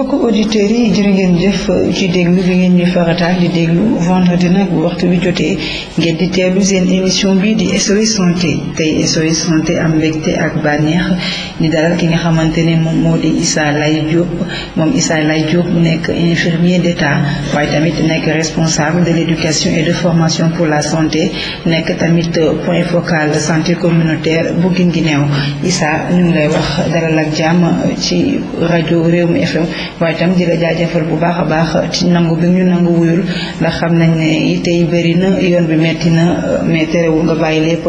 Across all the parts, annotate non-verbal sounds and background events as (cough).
mbokk auditeurs yi jërë ngeen jëf ci déglu bi ngeen ñuy farataal di déglu vendredi nag bu waxtu bi jotee ngeen di teelu seen émission bi di SOS santé tey SOS santé am mbégte ak bànneex di dalal ki nga xamante ne moom moo di Issa lay Diop moom Issa Laye Diop nekk infirmier d'état waaye tamit nekk responsable de l'éducation et de formation pour la santé nekk tamit point focal de santé communautaire bu neew Issa ñu ngi lay wax dalal ak jàmm ci rajo Rewmi FM waaye tam di la jaajëfal bu baax a baax ci nangu bi ñu nangu wuyul ndax xam nañ ne yi tey bëri na yoon bi metti na mais terewul nga bàyyi lépp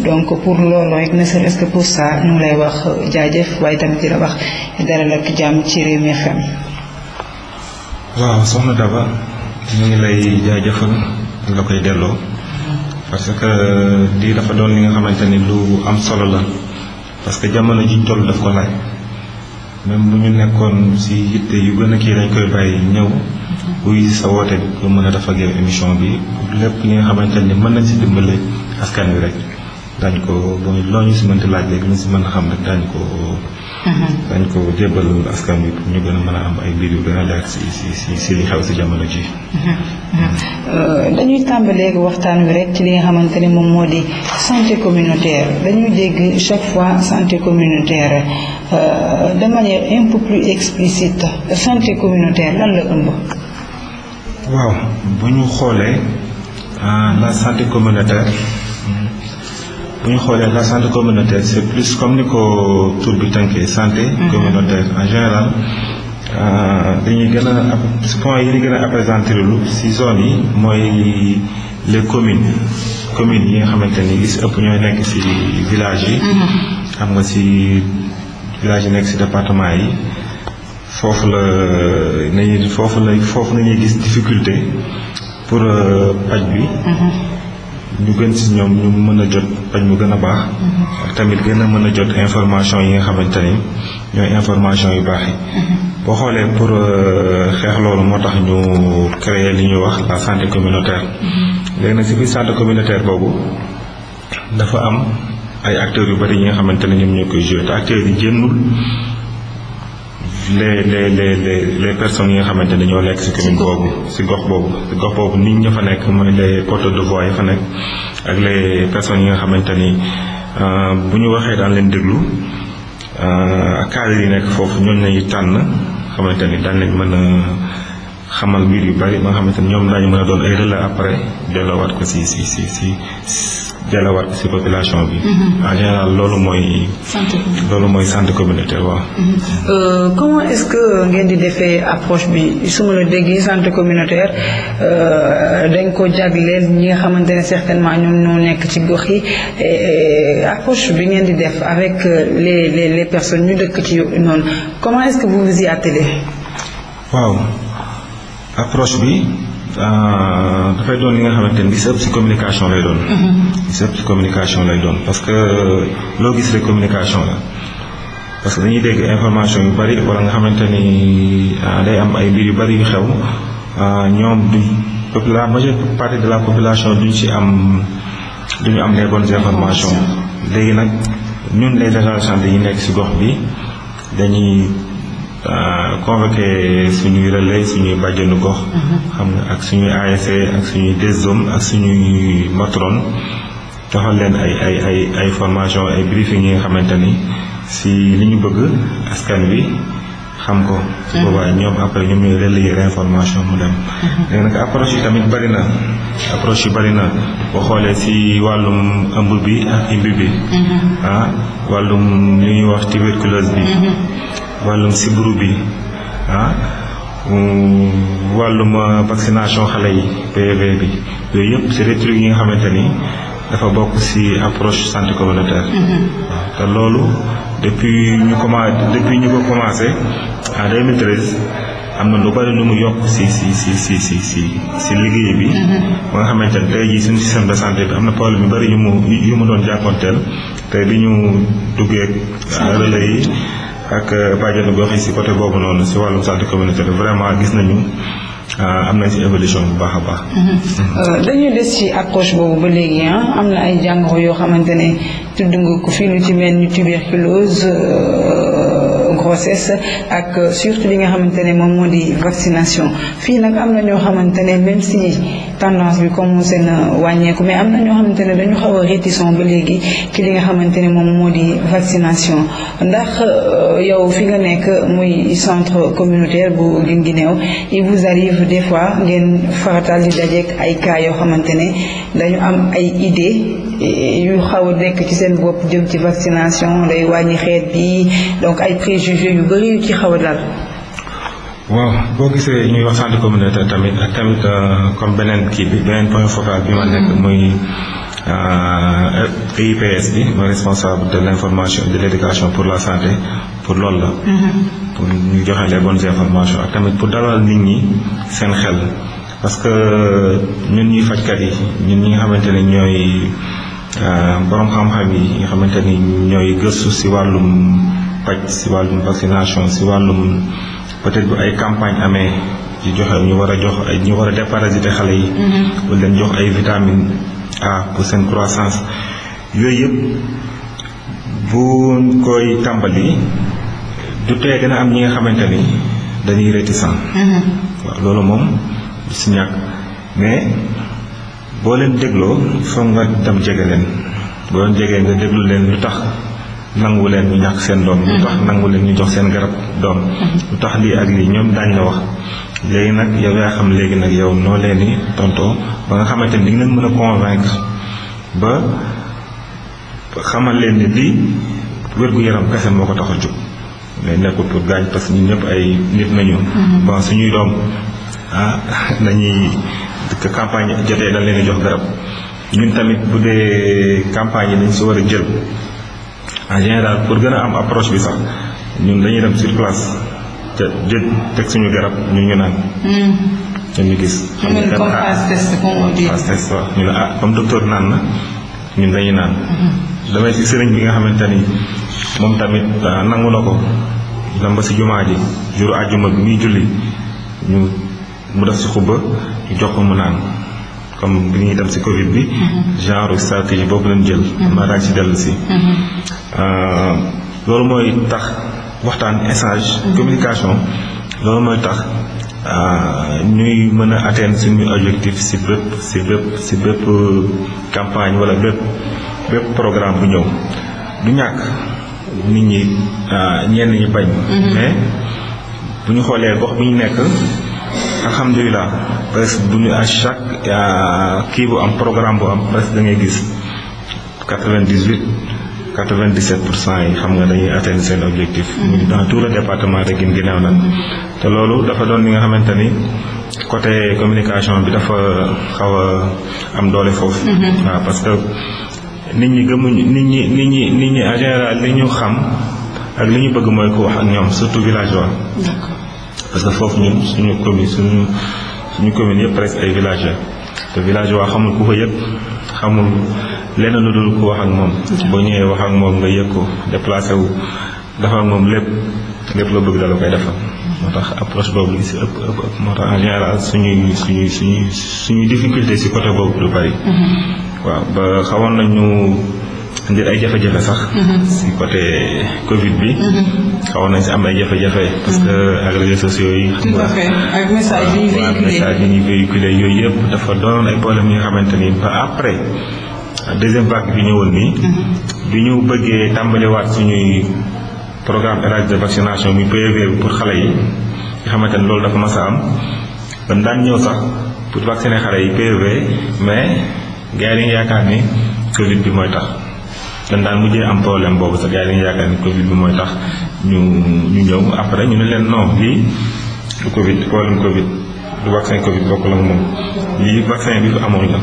donc pour loolu rek ne que pour saa ñu ngi lay wax jaajëf waaye tamit di la wax dalal ak jàmm ci Rewmi FM. waaw soxna Daba ñu ngi lay jaajëfal la koy delloo parce que di dafa doon li nga xamante ni lu am solo la parce que jamono ji toll daf ko laaj. même bu ñu nekkoon si yitte yu gën a kii dañ koy bàyyi ñëw buy sa woote bi pour mën a dafa geew émission bi lépp li nga xamante ni mën nañ si dimbale askan wi rek daañu ko loo ñu si mënti laaj léegi ñu si mën a xam rek dañ ko Mm-hmm. dañ ko jébbal askan wi pour ñu gën a mën a am ay mbir yu gën a leer si si si li xew si jamono ji mm-hmm. dañuy tàmbaleeg waxtaan wi rek ci li nga xamante ne moom moo di santé communautaire dañuy dégg chaque fois santé communautaire euh, de manière un peu plus explicite santé communautaire lan la ëmb waaw bu ñu xoolee euh, la santé communautaire bu ñu xoolee la santé communautaire c'est plus comme ni ko tur bi tënkee santé mhm. communautaire en général euh, dañuy gën a point yi ñu gën a présenté lu si zone yi mooy les communes communes yi nga xamante ni gis si ëpp ñooy nekk si village yi mhm. xam nga si village yi nekk si département yi foofu la foofu la foofu nañuy gis difficulté pour euh, paj bi mhm. ñu gën si ñoom ñu mën a jot paj mu gën a baax mm-hmm. tamit gën a mën a jot information yi nga xamante ni ñooy information yu baax yi mm-hmm. boo xoolee pour euh, xeex loolu moo tax ñu créer li ñuy wax la santé communautaire mm-hmm. léegi nag si biir santé communautaire boobu dafa am ay acteurs yu bari yi nga xamante ne ñoom ñoo koy joué te acteurs yi génnul les les les les personnes yi nga xamante ne ñoo lekk ci commune boobu si gox boobu si gox boobu nit ña fa nekk mooy les porteurs de voix yi fa nekk ak les personnes yi nga xamante ni euh, bu ñu waxee daan leen déglu euh, cadre yi nekk foofu ñooñu lañuy tànn xamante ni daan leen mën a xamal mbir yu bari ba nga xamante ni ñoom daañu mën a doon ay relais après delloowaat ko si si si si jàllawaat ko ci population bi. Mhm. Ah, en général loolu mooy. santé loolu mooy santé communautaire waaw. Mhm. Euh, comment est-ce que ngeen di defee approche bi su ma la déggee santé communautaire euh, dañ ko jagleel ñi nga xamante ne certainement ñoom ñoo nekk ci gox yi approche bi ngeen di def avec euh, les les les personnes ñu dëkk ci noonu comment est-ce que vous vous y waaw approche bi. Euh, dafay doon li nga xamante ni li si ëpp si communication lay doon. Mm-hmm. communication lay doon parce que loo gis rek communication la parce que dañuy dégg information yu bari wala nga xamante ni euh, day am ay mbir yu bari yu xew euh, ñoom duñ popula majeure partie de la population duñ ci am duñu am les bonnes informations léegi nag ñun les agents yi nekk si gox bi dañuy. Euh, convoqué suñuy relais suñuy bàjjenu gox. Mm-hmm. xam nga ak suñuy ASC ak suñuy DSDOM ak suñuy matron joxal leen ay ay ay ay formation ay briefing yi nga xamante ni si li ñu bëgg askan bi xam ko. su mm-hmm. boobaa ñoom après ñoom ñooy relayer information mu dem. Mm-hmm. léegi nag approche yi tamit bari na approche yi bari na boo xoolee si wàllum ëmb bi ak imbi bi. ah wàllum li ñuy wax tuberculose bi. wàllum sibiru bi ah wàllum vaccination xale yi PV bi yooyu yëpp c'est des yi nga xamante ni dafa bokk ci approche santé communautaire. Mm-hmm. Ah, te loolu depuis ñu commencé depuis ñu ko commencé en 2013 am na lu bari lu mu yokk ci ci ci ci ci ci ci liggéey bi. Mm-hmm. ba nga xamante ne tey jii suñu système de santé bi am na problème yu bari yu mu yu mu doon jàkkoonteel tey bi ñu duggee relais ak euh, bàjjenu gox yi si côté boobu noonu si wàllum santé communautaire vraiment gis nañu euh, am nañ si évolution bu baax a baax. Mm-hmm. Euh, dañuy des ci approche boobu ba léegi ah am na ay jàngoro yoo xamante ne tudd nga ko fii lu ci mel ni tuberculose. grossesse ak euh, surtout li nga xamante ne moom moo di vaccination fii nag am na ñoo xamante ne même si tendance bi commencé na wàññeeku mais am na ñoo xamante ne dañu xaw a réticent ba léegi ci li nga xamante ne moom moo di vaccination ndax euh, yow fi nga nekk muy centre communautaire bu Guinguinéo il vous arrive des fois ngeen faratal di dajeek ay cas yoo xamante ne dañu am ay idée euh, yu xaw a nekk ci seen bopp jëm ci vaccination day wàññi xeet bi donc ay préjugés sujets yu a daal. waaw boo gisee ñuy wax santé communautaire tamit ak tamit euh, comme beneen kii bi beneen point focal bi ma nekk muy. Euh, e PIPS bi mooy responsable de l'information de l'éducation pour la santé pour lool la. Mm-hmm. pour ñu joxe les bonnes informations tamit pour dalal nit ñi seen xel parce que euh, ñun ñuy fajkat yi ñun ñi nga xamante ne ñooy boroom xam-xam yi nga xamante ni ñooy gëstu ci wàllum. paj si wàllum vaccination si wàllum peut-être bu ay campagne amee di joxe ñu war a jox ay ñu war a déparasiter xale yi. Mm-hmm. wala leen jox ay vitamine A pour seen croissance yooyu yëpp buñ koy tàmbali du tee dina am ñi nga xamante ni dañuy réticent. Mm-hmm. waaw loolu moom du si ñàkk mais boo leen dégloo foog nga dem jege leen boo leen jegee nga déglu leen lu tax. nangu leen ñu ñàkk seen doom lu tax nangu leen ñu jox seen garab doom lu tax lii ak lii ñoom daañ la wax léegi nag yow yaa xam léegi nag yow noo leen di tontoo ba nga xamante ni di nga leen mën a convaincre ba xamal leen ni li wér-gu-yaram kese moo ko tax a jóg mais nekkul pour gaañ parce que ñun ñëpp ay nit nañu mhm. bon suñuy doom ah nañuy (laughs) campagne jotee dañ leen di jox garab ñun tamit bu dee campagne yi dañ si war a jël en général pour gën a am approche bi sax ñun dañuy dem sur place te teg suñu garab ñu ñu naan. ñun hmm. ñu gis. xam nga comme ah, phase test comme phase test ne ah, comme docteur naan na ñun dañuy naan. Hmm. damay si sëriñ bi nga xamante ni moom tamit ah, nangu na ko dem si jumaa ji jour àjjuma bi muy julli ñu mu def si xubba ñu jox ko mu naan. comme bi ñuy dem si Covid bi. Mhm. genre stratégie boobu lañ jël. ma mhm. ci si dellu si. Mhm. Euh, loolu mooy tax waxtaan échange. communication loolu mooy tax euh, ñuy mën a atteindre suñu objectif si bépp si bépp si bépp euh, campagne walla bépp bépp programme bu ñëw du ñàkk nit ñi ñenn ñi bañ. mais bu ñu xoolee gox bi ñu nekk. alhamdulilah presque bu ñu à chaque kii bu am programme bu am presque da ngay gis quatre-vingt-dix-huit 97 pour cent yi xam nga dañuy atteindre seen objectif. Mm-hmm. muy dans tout le département de Guinguinéo nag. Mm-hmm. te loolu dafa doon li nga xamante ni côté communication bi dafa xaw a am doole foofu. Mm-hmm. waaw parce que nit ñi gëmuñu nit ñi nit ñi nit ñi en général li ñu xam ak li ñu bëgg mooy ku wax ak ñoom surtout villageois. d'accord parce que foofu ñun suñu commune suñu suñu commune yëpp presque ay village la te village waa xamul ku ko yëg xamul lenn lu dul ku wax ak moom boo ñëwee wax ak moom nga yëg ko déplacé wu dafa ak moom lépp lépp la bëgg dala koy defal moo tax approche boobu li si ëpp ëpp moo tax en général suñuy suñuy suñuy suñuy difficulté si côté boobu lu bari mhm. waaw ba xawoon nañu ngir ay jafe-jafe sax mhm. si côté covid bi mhm. xawoon nañ si am ay jafe-jafe parce que mhm. ak réseaux sociaux yi xam nga ak message yi ñuy véhiculé yooyu yëpp dafa doonoon ay problème yi nga xamante ni après deuxième vague bi ñëwoon nii bi ñu bëggee tàmbaliwaat suñuy programme érage de vaccination muy PV pour xale yi nga xamante ni loolu dafa mas a am ban daan ñëw sax pour vacciner xale yi PV mais gars yi yaakaar ni covid bi mooy tax dañ daan mujjee am problème boobu sa gars yi dañu yaakaar ni Covid bi mooy tax ñu ñu ñëw après ñu ne leen non lii du Covid problème Covid du vaccin Covid bokk la moom lii vaccin bi du amoon la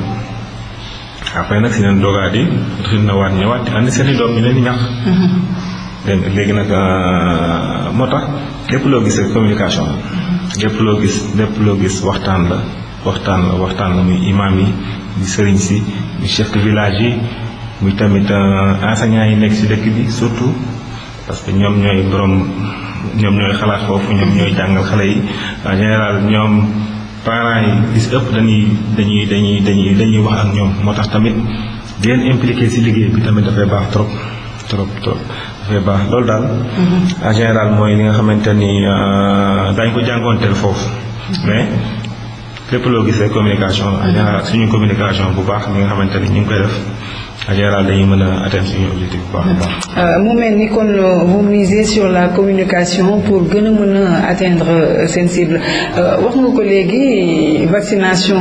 après nag si leen doogaa di xëy na waat ñëwaat di andi seen i doom ñu leen di ñàkk. dégg nga léegi nag euh, moo tax lépp loo gis rek communication la. lépp loo gis lépp loo gis waxtaan la waxtaan la waxtaan la muy imam yi di sëriñ si di chef de village yi. muy tamit euh, enseignants yi nekk ci dëkk bi surtout parce que ñoom ñooy borom ñoom ñooy xalaat foofu ñoom ñooy jàngal xale yi en général ñoom parents yi li ëpp dañuy dañuy dañuy dañuy dañuy wax ak ñoom moo tax tamit di leen impliqué ci liggéey bi tamit dafay baax trop trop trop dafay baax loolu daal. Mm-hmm. en général mooy li nga xamante ni euh, daañu ko jàngoonteel foofu mm-hmm. mais. lépp loo gisee communication la. suñu communication bu baax mi nga xamante ni ñu ngi koy def. Adjara dañuy mën a atteindre suñu objectif bu baax euh, kon euh, vous misez sur la communication pour gën a mën a atteindre euh, seen cible wax nga ko léegi vaccination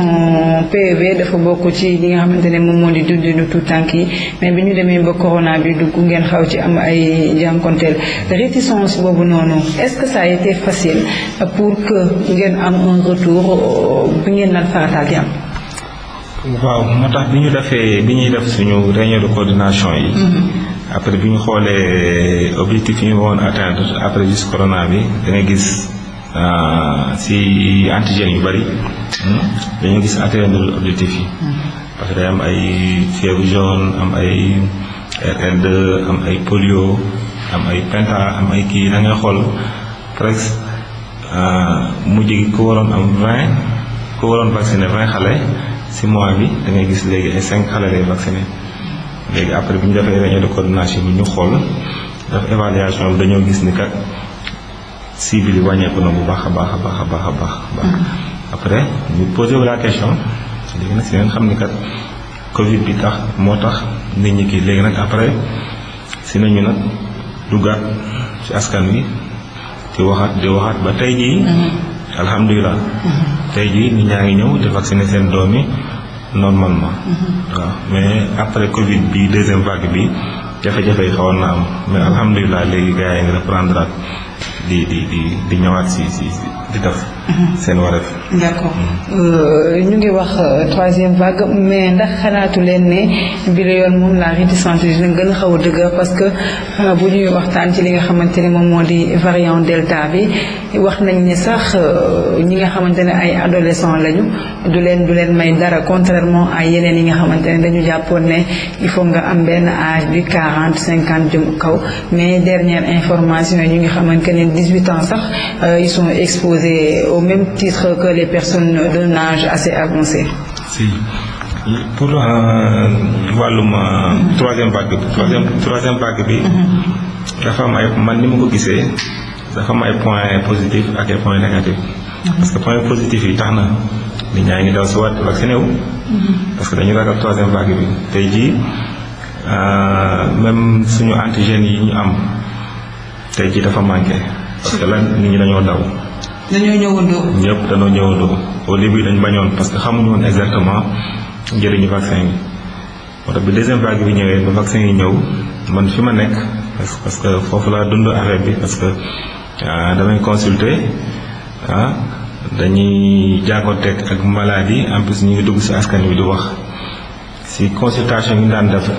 PEV dafa bokk ci li nga xamante ne moom moo di du tout tànk yi mais bi ñu demee ba corona bi dugg ngeen xaw ci am ay jànkonteel réticence boobu noonu est-ce que sa a été facile pour que ngeen am un retour bi ngeen naan farataal di am. waaw moo tax bi ñu defee bi ñuy def suñu réunion de coordination yi. Mm-hmm. après bi ñu xoolee euh, objectif yi ñu woon atteindre après gis corona bi dangay gis euh, si antigènes yu bari hmm, dañu gis atteindre objectif yi. Mm-hmm. parce que day am ay fièvre jaune am ay rr am ay polio am ay penta am ay kii dangay xool presque euh, mujj gi ku waroon am vingt ku waroon vacciné vingt xale. si mois bi da ngay gis léegi ay cinq xale lay vacciné léegi après bi ñu defee réunion de coordination bu ñu xool def évaluation bi dañoo gis ni kat cible yi wàññeeku na bu baax a baax a baax a baax a baax. Mm-hmm. après ñu posé wu la question léegi nag si ngeen xam ni kat Covid bi tax moo tax nit ñi kii léegi nag après si nañu nag duggaat ci askan wi di waxaat di waxaat ba tey jii. Mm-hmm. alhamdulilah. Mm-hmm. tey jii nit ñaa ngi ñëw di vacciner seen doom yi normalement. Mm-hmm. waaw mais après Covid bi deuxième vague bi jafe-jafe yi xawoon na am mais alhamdulilah léegi gars yi ngi reprendre di di di di ñëwaat si si si. di def mm-hmm. euh, ñu ngi wax euh, troisième vague mais ndax xalaatu leen ne bi la yoon moom la réticence dina gën a xaw a dëgër parce que euh, bu ñuy waxtaan ci li nga xamante ne moom moo di variant delta bi wax nañ ni sax ñi nga xamante ne ay adolescents lañu du leen du leen may dara contrairement ay yeneen yi nga xamante ne dañu jàppoon ne il faut nga am benn âge bi quarante cinquante jëm kaw mais dernière information yi ñu ngi xamante ne dix-huit ans sax ils sont exposées au même titre que les si pour euh, wàllum euh, troisième vague bi. troisième troisième vague bi. Mhm. dafa am ay man ni ma ko gisee dafa am ay points positifs ak ay points mhm. parce que points positifs yi tax na nit ñaa ngi daw si waat vacciné wu. Mhm. parce que dañu ragal troisième vague bi tey jii euh, même suñu antigènes yi ñu am tey jii dafa manqué. parce que la nit ñi dañoo daw. dañoo ñëwandoo. ñëpp dañoo ñëwandoo au début dañ bañoon parce que xamuñu woon exactement njëriñu vaccin yi moo tax bi deuxième vague bi ñëwee ba vaccin yi ñëw man fi ma nekk parce que foofu laa dund affaire bi parce que ah, damay consulter ah dañuy jànkoonteeg ak maladie en plus ñu ngi dugg si askan wi du wax si consultation yi ñu daan def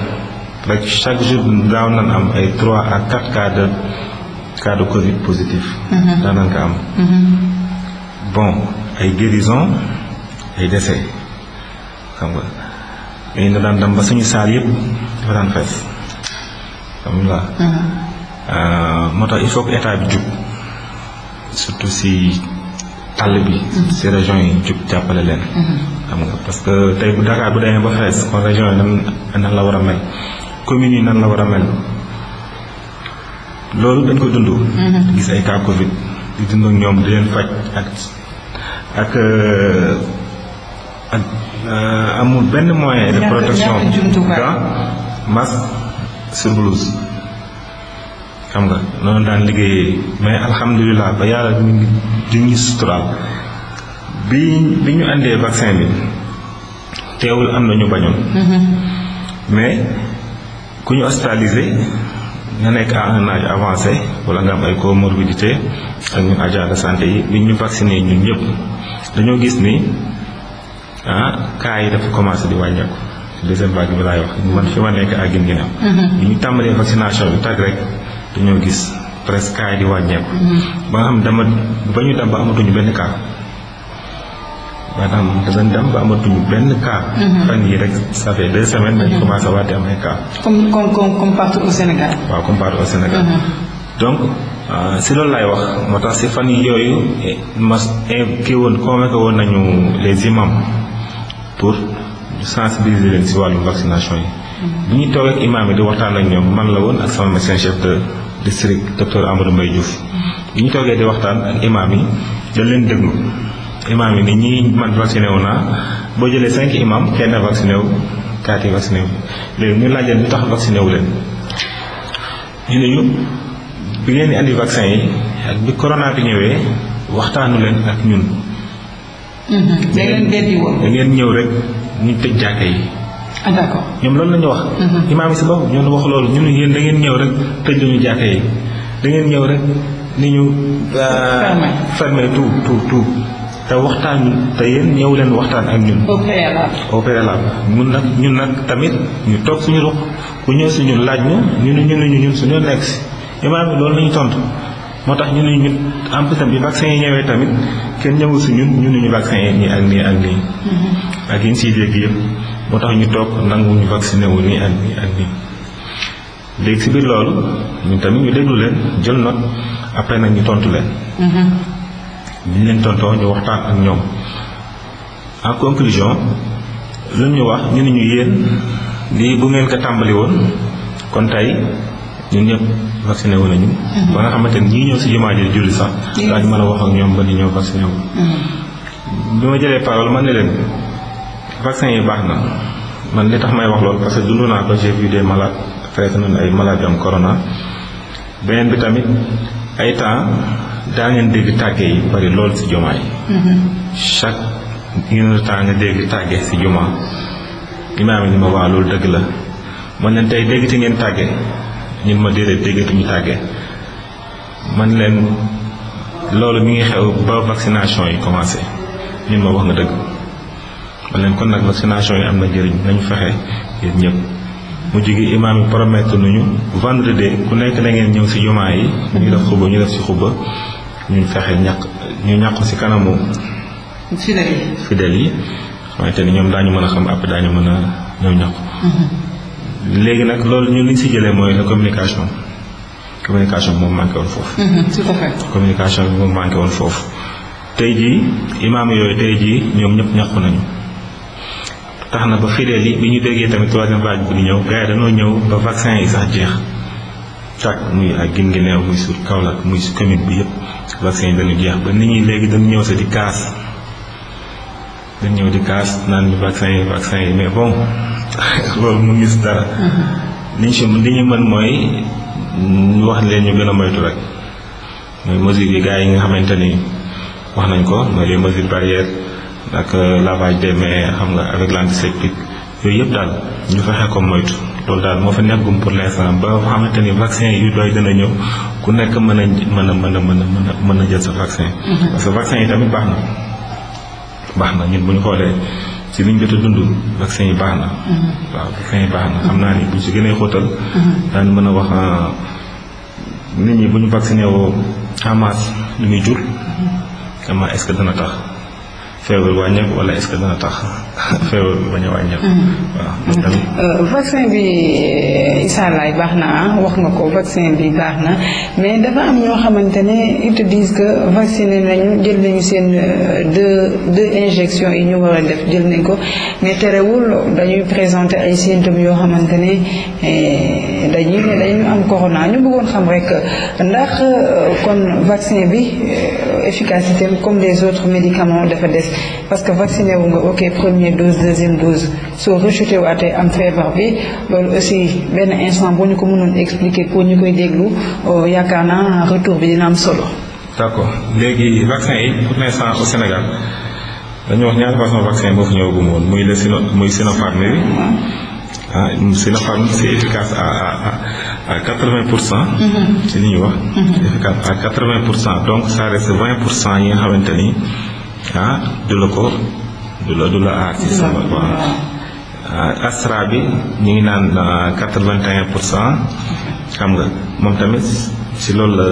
rek chaque jour daaw nan am ay trois à quatre cas cas de Covid positif. Mm-hmm. daanaka am. Mm-hmm. bon ay guérison ay décès xam nga mais na daan dem ba suñu saal yëpp dafa daan fees xam nga. Mm-hmm. Euh, moo tax il faut que état bi jub surtout si àll bi. si régions yi jub jàppale leen. xam nga parce que tey bu Dakar bu demee ba fees kon région yi nan nan la war a mel communes yi nan la war a mel. loolu dañ ko dund. Mm-hmm. gis ay cas Covid di dund ñoom di leen faj ak ak euh, amul benn moyen de protection gants masque sur blouse xam nga noonu daan liggéeye mais alhamdulilah ba yàlla ñu ngi di ñu suturaal bi bi ñu àndee vaccin bi teewul am na ñu bañoon mm-hmm. mais ku ñu hospitalisé nga nekk à un âge avancé wala nga am ay comorbidité ak ñun agent de santé yi bi ñu vacciné ñu ñëpp dañoo gis ni ah cas yi dafa commencé di wàññeeku deuxième vague bi laay wax man fi ma nekk ak Guinguinéo mhm. bi ñu tàmbalee vaccination bi tag rek dañoo gis presque cas yi di wàññeeku mhm. ba nga xam dama ba ñu dem ba amatuñu benn kaar maanaam danañ dem ba amatuñu benn cas. Mhm. fan yi rek sa fait deux semaines dañ mhm. commencé waat di am ay cas. comme comme comme comme au Sénégal. waaw comme partout au Sénégal. Mhm. donc euh, si loolu laay wax moo tax si fan yooyu eh, mask kii woon convoqué woon nañu les imams pour sensibiliser leen si wàllu vaccination yi. bu ñu toog ak imaam yi di waxtaan ak ñoom man la woon ak sama médecin chef de district docteur waxtaan ak imaam yi dañ leen déglu. imaam yi ni ñii man vacciné naa boo jëlee cinq imaam kenn vacciné wu kaati vacciné wu léegi ñu laajal lu tax vacciné wu leen ñu ne ñu bi ngeen di andi vaccin yi ak bi corona bi ñëwee waxtaanu leen ak ñun. Mhm. da ngeen beddi woon da ngeen ñëw rek ñu tëj jàkka yi. ah ñoom loolu la ñu wax. Mhm. imaam yi si bopp ñoo wax loolu ñun yéen da ngeen ñëw rek tëj lañu jàkka yi dangeen ñëw rek ni ñu. fermé fermé tout tout te waxtaan te yéen ñëw leen waxtaan ak ñun. au préalable au préalable ñun ñun nag tamit ñu toog suñu ruq ku ñëw suñu ñun laaj ñu ñu ne ñu ñun suñu nekk si imaam loolu la tontu moo tax ñu ne ñun en plus tamit vaccin yi ñëwee tamit kenn ñëwul si ñun ñu ne ñu vaccin yi nii ak nii ak nii. Mm-hmm. ak yi moo tax ñu toog nangu ñu vacciné wu nii ak nii ak nii léegi si biir loolu ñun tamit ñu déglu leen jël note après nag ñu tontu leen. Mm-hmm. liñ leen tontoo ñu waxtaan ak ñoom en conclusion lu ñu wax ñu ne ñu yéen lii bu ngeen ko tàmbali woon kon tey ñun ñëpp vacciné wu nañu. Mhm. ba nga xamante ni ñii ñëw si jumaa ji julli sax. daañu mën a wax ak ñoom ba ñu ñëw vacciné wu. Mhm. bi ma jëlee parole man ne leen vaccin yi baax na man li tax may wax loolu parce que dund naa ko j'ai vu des malades fees nañu ay malades am corona beneen bi tamit ay temps. daa ngeen dégg tàgge yi bari loolu ci jumaa yi chaque une nga dégg tàgge ci jumaa imaam yi ni ma waa loolu dëgg la mën leen tey déggati ngeen tàgge ñun ma déedéet ñu tàgge man leen loolu mi ngi xew ba vaccination yi commencé ñun ma wax nga dëgg man leen kon nag vaccination yi am na njëriñ nañu fexe yéen ñëpp mu jigi imaam yi promettre nañu vendredi ku nekk na ngeen ñëw ci jumaa yi ñu def xuba ñu def ci xuba ñu fexee ñàkk ñu ñàkku si kanamu. fidèles yi fidèles yi xamante ñoom daañu mën a xam après daañu mën a ñëw ñàkku. Mhm. léegi nag loolu ñu li si jëlee mooy la communication communication moom manqué woon foofu. Mhm, communication bi moom manqué woon foofu tey jii imaam yooyu tey jii ñoom ñëpp ñàkku nañu. tax na ba fidèles yi bi ñu déggee tamit troisième vague bu di ñëw gars yi dañoo ñëw ba vaccin yi sax jeex tàkk muy ak gin Guinguinéo muy sur Kaolack muy su commune bi yëpp. vaccin yi dañu jeex ba nit ñi léegi dañu ñëw sa di kaas dañu ñëw di kaas naan vaccin yi vaccin yi mais bon (laughs) loolu mu ngis dara mm-hmm. liñ si li ñu mën mooy ñu wax leen ñu gën a moytu rek mooy mesures yi gars yi nga xamante ni wax nañ ko mooy les mesures barrières ak euh, lavage des mains xam nga avec l' antiseptique yooyu yëpp daal ñu fexe ko moytu loolu daal moo fi nekkagum pour l'instant ba nga xamante ni vaccin yu gën a ñëw ku nekk mën a mën a mën a mën a mën a jël sa vaccin. Mm-hmm. parce que vaccin yi tamit baax na baax na ñun bu ñu xoolee ci liñ jot a dund vaccin yi baax na. Mm-hmm. waaw vaccin yi baax na xam naa ni buñ ci gënee xóotal. Mm-hmm. daan mën a wax euh, nit ñi bu ñu vacciné woo en masse lu muy jur. vraiment est-ce dana tax. feebar wàññeeku wala est-ce que dana tax (laughs) feebar bi bañ wàññeeku. Mm-hmm. Euh, vaccin bi Issa Laye baax na ah wax nga ko vaccin bi baax na mais dafa am ñoo xamante ne ils te disent que vacciné nañu jël nañu seen euh, deux deux injections yi ñu war a def jël nañ ko mais terewul dañuy présenter ay symptômes yoo xamante ne euh, dañuy ne dañu am corona ñu bëggoon xam rek ndax kon vaccin bi efficacité comme les autres médicaments dafa des. parce que vacciné wu nga ok première dose deuxième dose soo rechuté waatee am feebar bi loolu aussi benn instant boo ñu ko mënoon expliquer pour ñu koy déglu oh, yaakaar naa retour bi dina am solo. d'accord léegi vaccin yi pour l'instant au Sénégal dañu wax ñaari façon vaccin boo fi ñëwagum woon muy le sino muy Sinopharm bi. ah Sinopharm c'est efficace à à quatre-vingts pour cent. Mm-hmm. ci li ñuy wax. Mm-hmm. efficace à quatre-vingts pour cent donc ça reste vingt pour cent yi nga xamante ni. ah du la ko du la du la ah, astra bi ñu ngi naan ah, quatre-vingt-un pour cent xam nga moom tamit si loolu la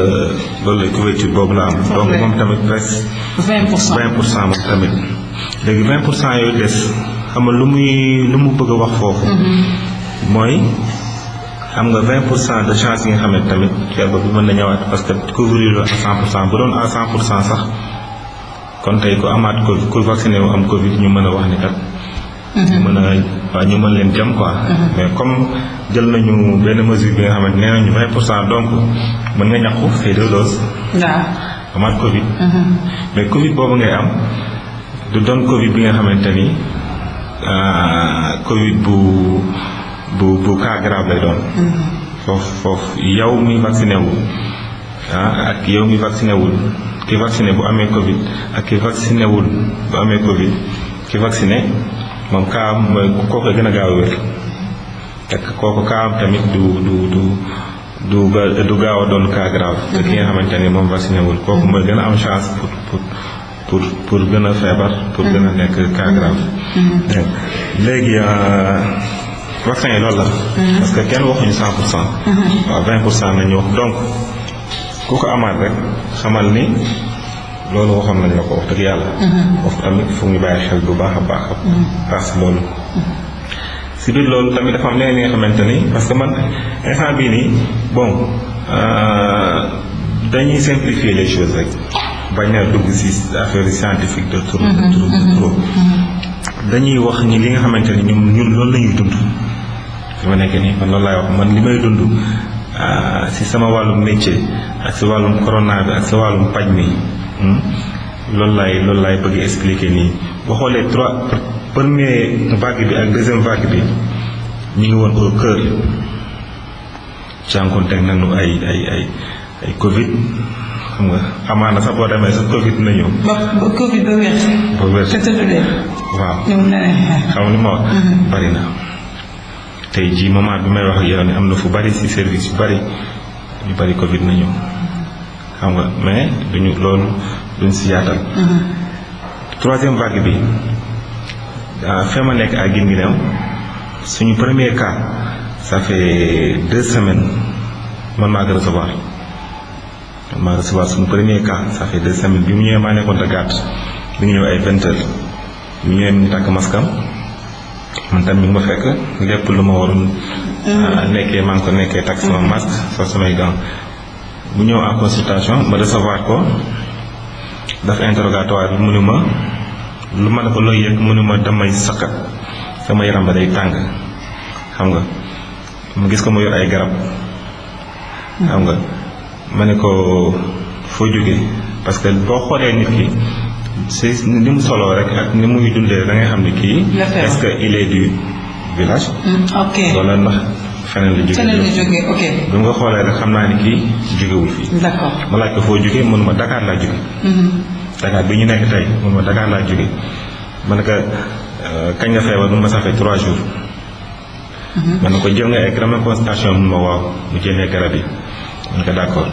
loolu la couverture boobu la am donc moom tamit presque pour cent moom tamit léegi vingt pour cent yooyu des xam nga lu muy lu mu bëgg a wax foofu mm-hmm. mooy xam nga 20 pour cent de chance yi nga xam ne tamit feebar bi mën na ñëwaat parce que couvrir à 100 pour cent bu doon pour cent sax kon tey ku amaat ko ku vacciné wu am Covid ñu mën a wax ni kat. ñu mhm. mën a ñu mën leen jam ko mhm. mais comme jël nañu benn mesure bi nga xamante nee nañu vingt pour cent donc mën nga ñàkku say deux doses. waaw amaat Covid. Mhm. mais Covid boobu ngay am du doon Covid bi nga xamante ni euh, Covid bu bu bu cas grave lay doon. foofu foofu yow mi vacciné wu ah ak yow mi vacciné wul. ki vacciné bu amee Covid ak ki vacciné wul bu amee Covid ki vacciné moom kaa am mooy kooku gën a gaaw a wér te kooku kaa am tamit du du du. du ga gaaw a doon cas grave. te mm-hmm. ki nga xamante ne moom vacciné wul kooku mooy gën a am chance pour pour pour pour gën a feebar. pour gën a mm-hmm. nekk cas grave. Mm-hmm. léegi euh, vaccin yi loolu la. parce que kenn waxuñu cent pour cent. waaw vingt pour cent nañu wax donc. ku ko amaat rek xamal ni loolu waxoon nañ la ko wax dëgg yàlla. foofu mm-hmm. tamit fu ñu bàyyi xel bu baax a baax. Mm-hmm. paas loolu. Mm-hmm. si biir loolu tamit dafa am leneen li nga xamante ni parce que man instant bii nii bon euh, dañuy simplifier les choses rek bañ a dugg si affaire scientifique de trop de trop de trop. dañuy wax ñi li nga xamante ni ñun ñun loolu la ñuy dund. ma nekk nii man loolu laay wax man li may dund. Ah, si sama wàllum métier ak si wàllum corona bi ak si wàllum paj mi hmm, loolu laay loolu laay bëgg expliquer nii boo xoolee trois premier vague bi ak deuxième vague bi ñu ngi woon au cœur jànkoonteeg nañu ay ay ay ay Covid xam nga amaana sax boo demee sax Covid na ñëw. ba ba Covid ba waaw. na xam li ma wax. Mm-hmm. bari tey jii moment bi may wax ak yow am na fu bari service yu bari yu bari Covid na xam nga mais duñu loolu duñ ci mhm. troisième vague bi ah, fee ma nekk à Guinguinéo suñu premier cas ça fait deux semaines man maa ko recevoir man maa recevoir suñu premier cas ça fait deux bi mu ñëwee maa nekkoon te bi mu ñëwee ay vingt mu ñëwee mu tàkk maskam man tam ñu fekk lépp lu ma waroon mhm. ah, nekkee man ngi ko nekkee takk sama mhm. masque soo samay gant bu ñëw en consultation ma recevoir ko daf interrogatoire bi mënu ma lu ma dafa looy yëg mënu ma damay sakkat sama yaram ba day tàng xam nga mu gis ko mu yor ay garab xam nga ma ne ko foo jógee parce que boo xoolee nit ki si ni mu soloo rek ak ni muy dundee da ngay xam ne kii. est-ce que il du village. Mm, ok wala ndax feneen la jógee. feneen la nga xoolee rek xam naa ni kii jógewul fii. ma laaj ko foo jógee mun ma Dakar laa jóge. Mm-hmm. Dakar bi ñu nekk tey mun ma Dakar laa jóge ma ne ko euh, kañ nga feebar mun ma ça fait trois jours. Mm-hmm. ma ne ko jël nga ay garab constatation mun ma waaw mu jëlee garab yi ma ne ko d'accord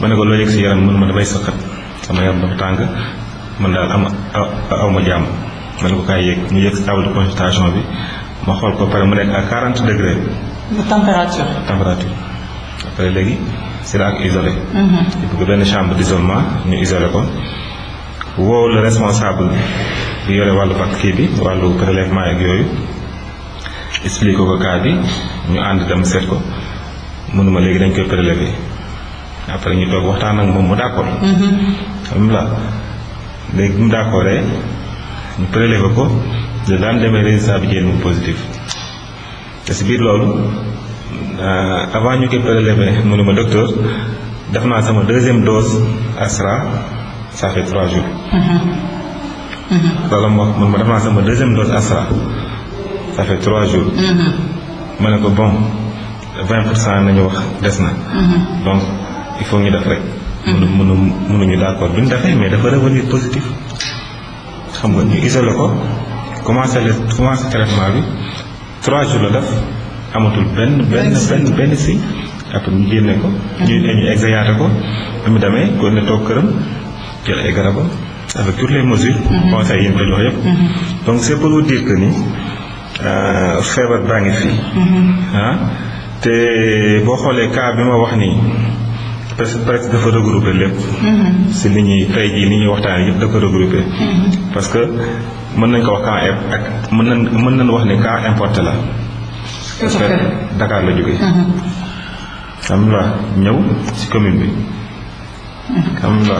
ma ne ko loo yëg si yaram mun ma damay sëqat sama yaram dafa tàng. man daal am aw ma jàmm ma ne ko kaay yéeg ñu yéeg table de consultation bi ma xool ko pare mu nekk à quarante degré. de température. température léegi si la ak isolé. di mhm. bëgg benn chambre d' isolement ñu isolé ko woo le responsable bi yore wàllu pàcc kii bi wàllu prélèvement ak yooyu expliqué ko cas bi ñu ànd dem seet ko mënuma léegi dañ koy prélever après ñu toog waxtaan ak moom mu d' accord. Mhm. xam léegi bu mu d'accord ñu prélevé ko le lendemain résultat bi génn mu positif te si biir loolu euh, avant ñu koy prélevé mu ne ma docteur def naa sama deuxième dose Astra ça fait trois jours. Mm-hmm. Mm-hmm. loolu ma def sama deuxième dose Astra ça trois jours. Mm-hmm. ma ne ko bon vingt pour cent nañu wax des na. donc il faut ñu def rek. mënu mënu mënuñu d' accord duñ defee mais dafa revenir positif xam nga ñu isolé ko commencé le commencé traitement bi trois jours la def amatul benn benn benn benn signe après ñu génne ko ñu ñu exécuté ko ba mu demee kon ne toog këram jël ay garabam avec toutes les mesures conseils yi ñu koy jox yëpp donc c' est pour vous ni euh, feebar baa ngi fii mhm. ah te boo xoolee cas bi ma wax nii presque presque dafa regrouper lépp. Mm-hmm. si li ñuy tey jii li ñuy waxtaanee yëpp dafa regrouper. Mm-hmm. parce que mën nañ ko wax cas ak mën nañ mën nañ wax ni kaa importé la. parce que Dakar la jógee. xam mm-hmm. nga ñëw si commune bi. xam nga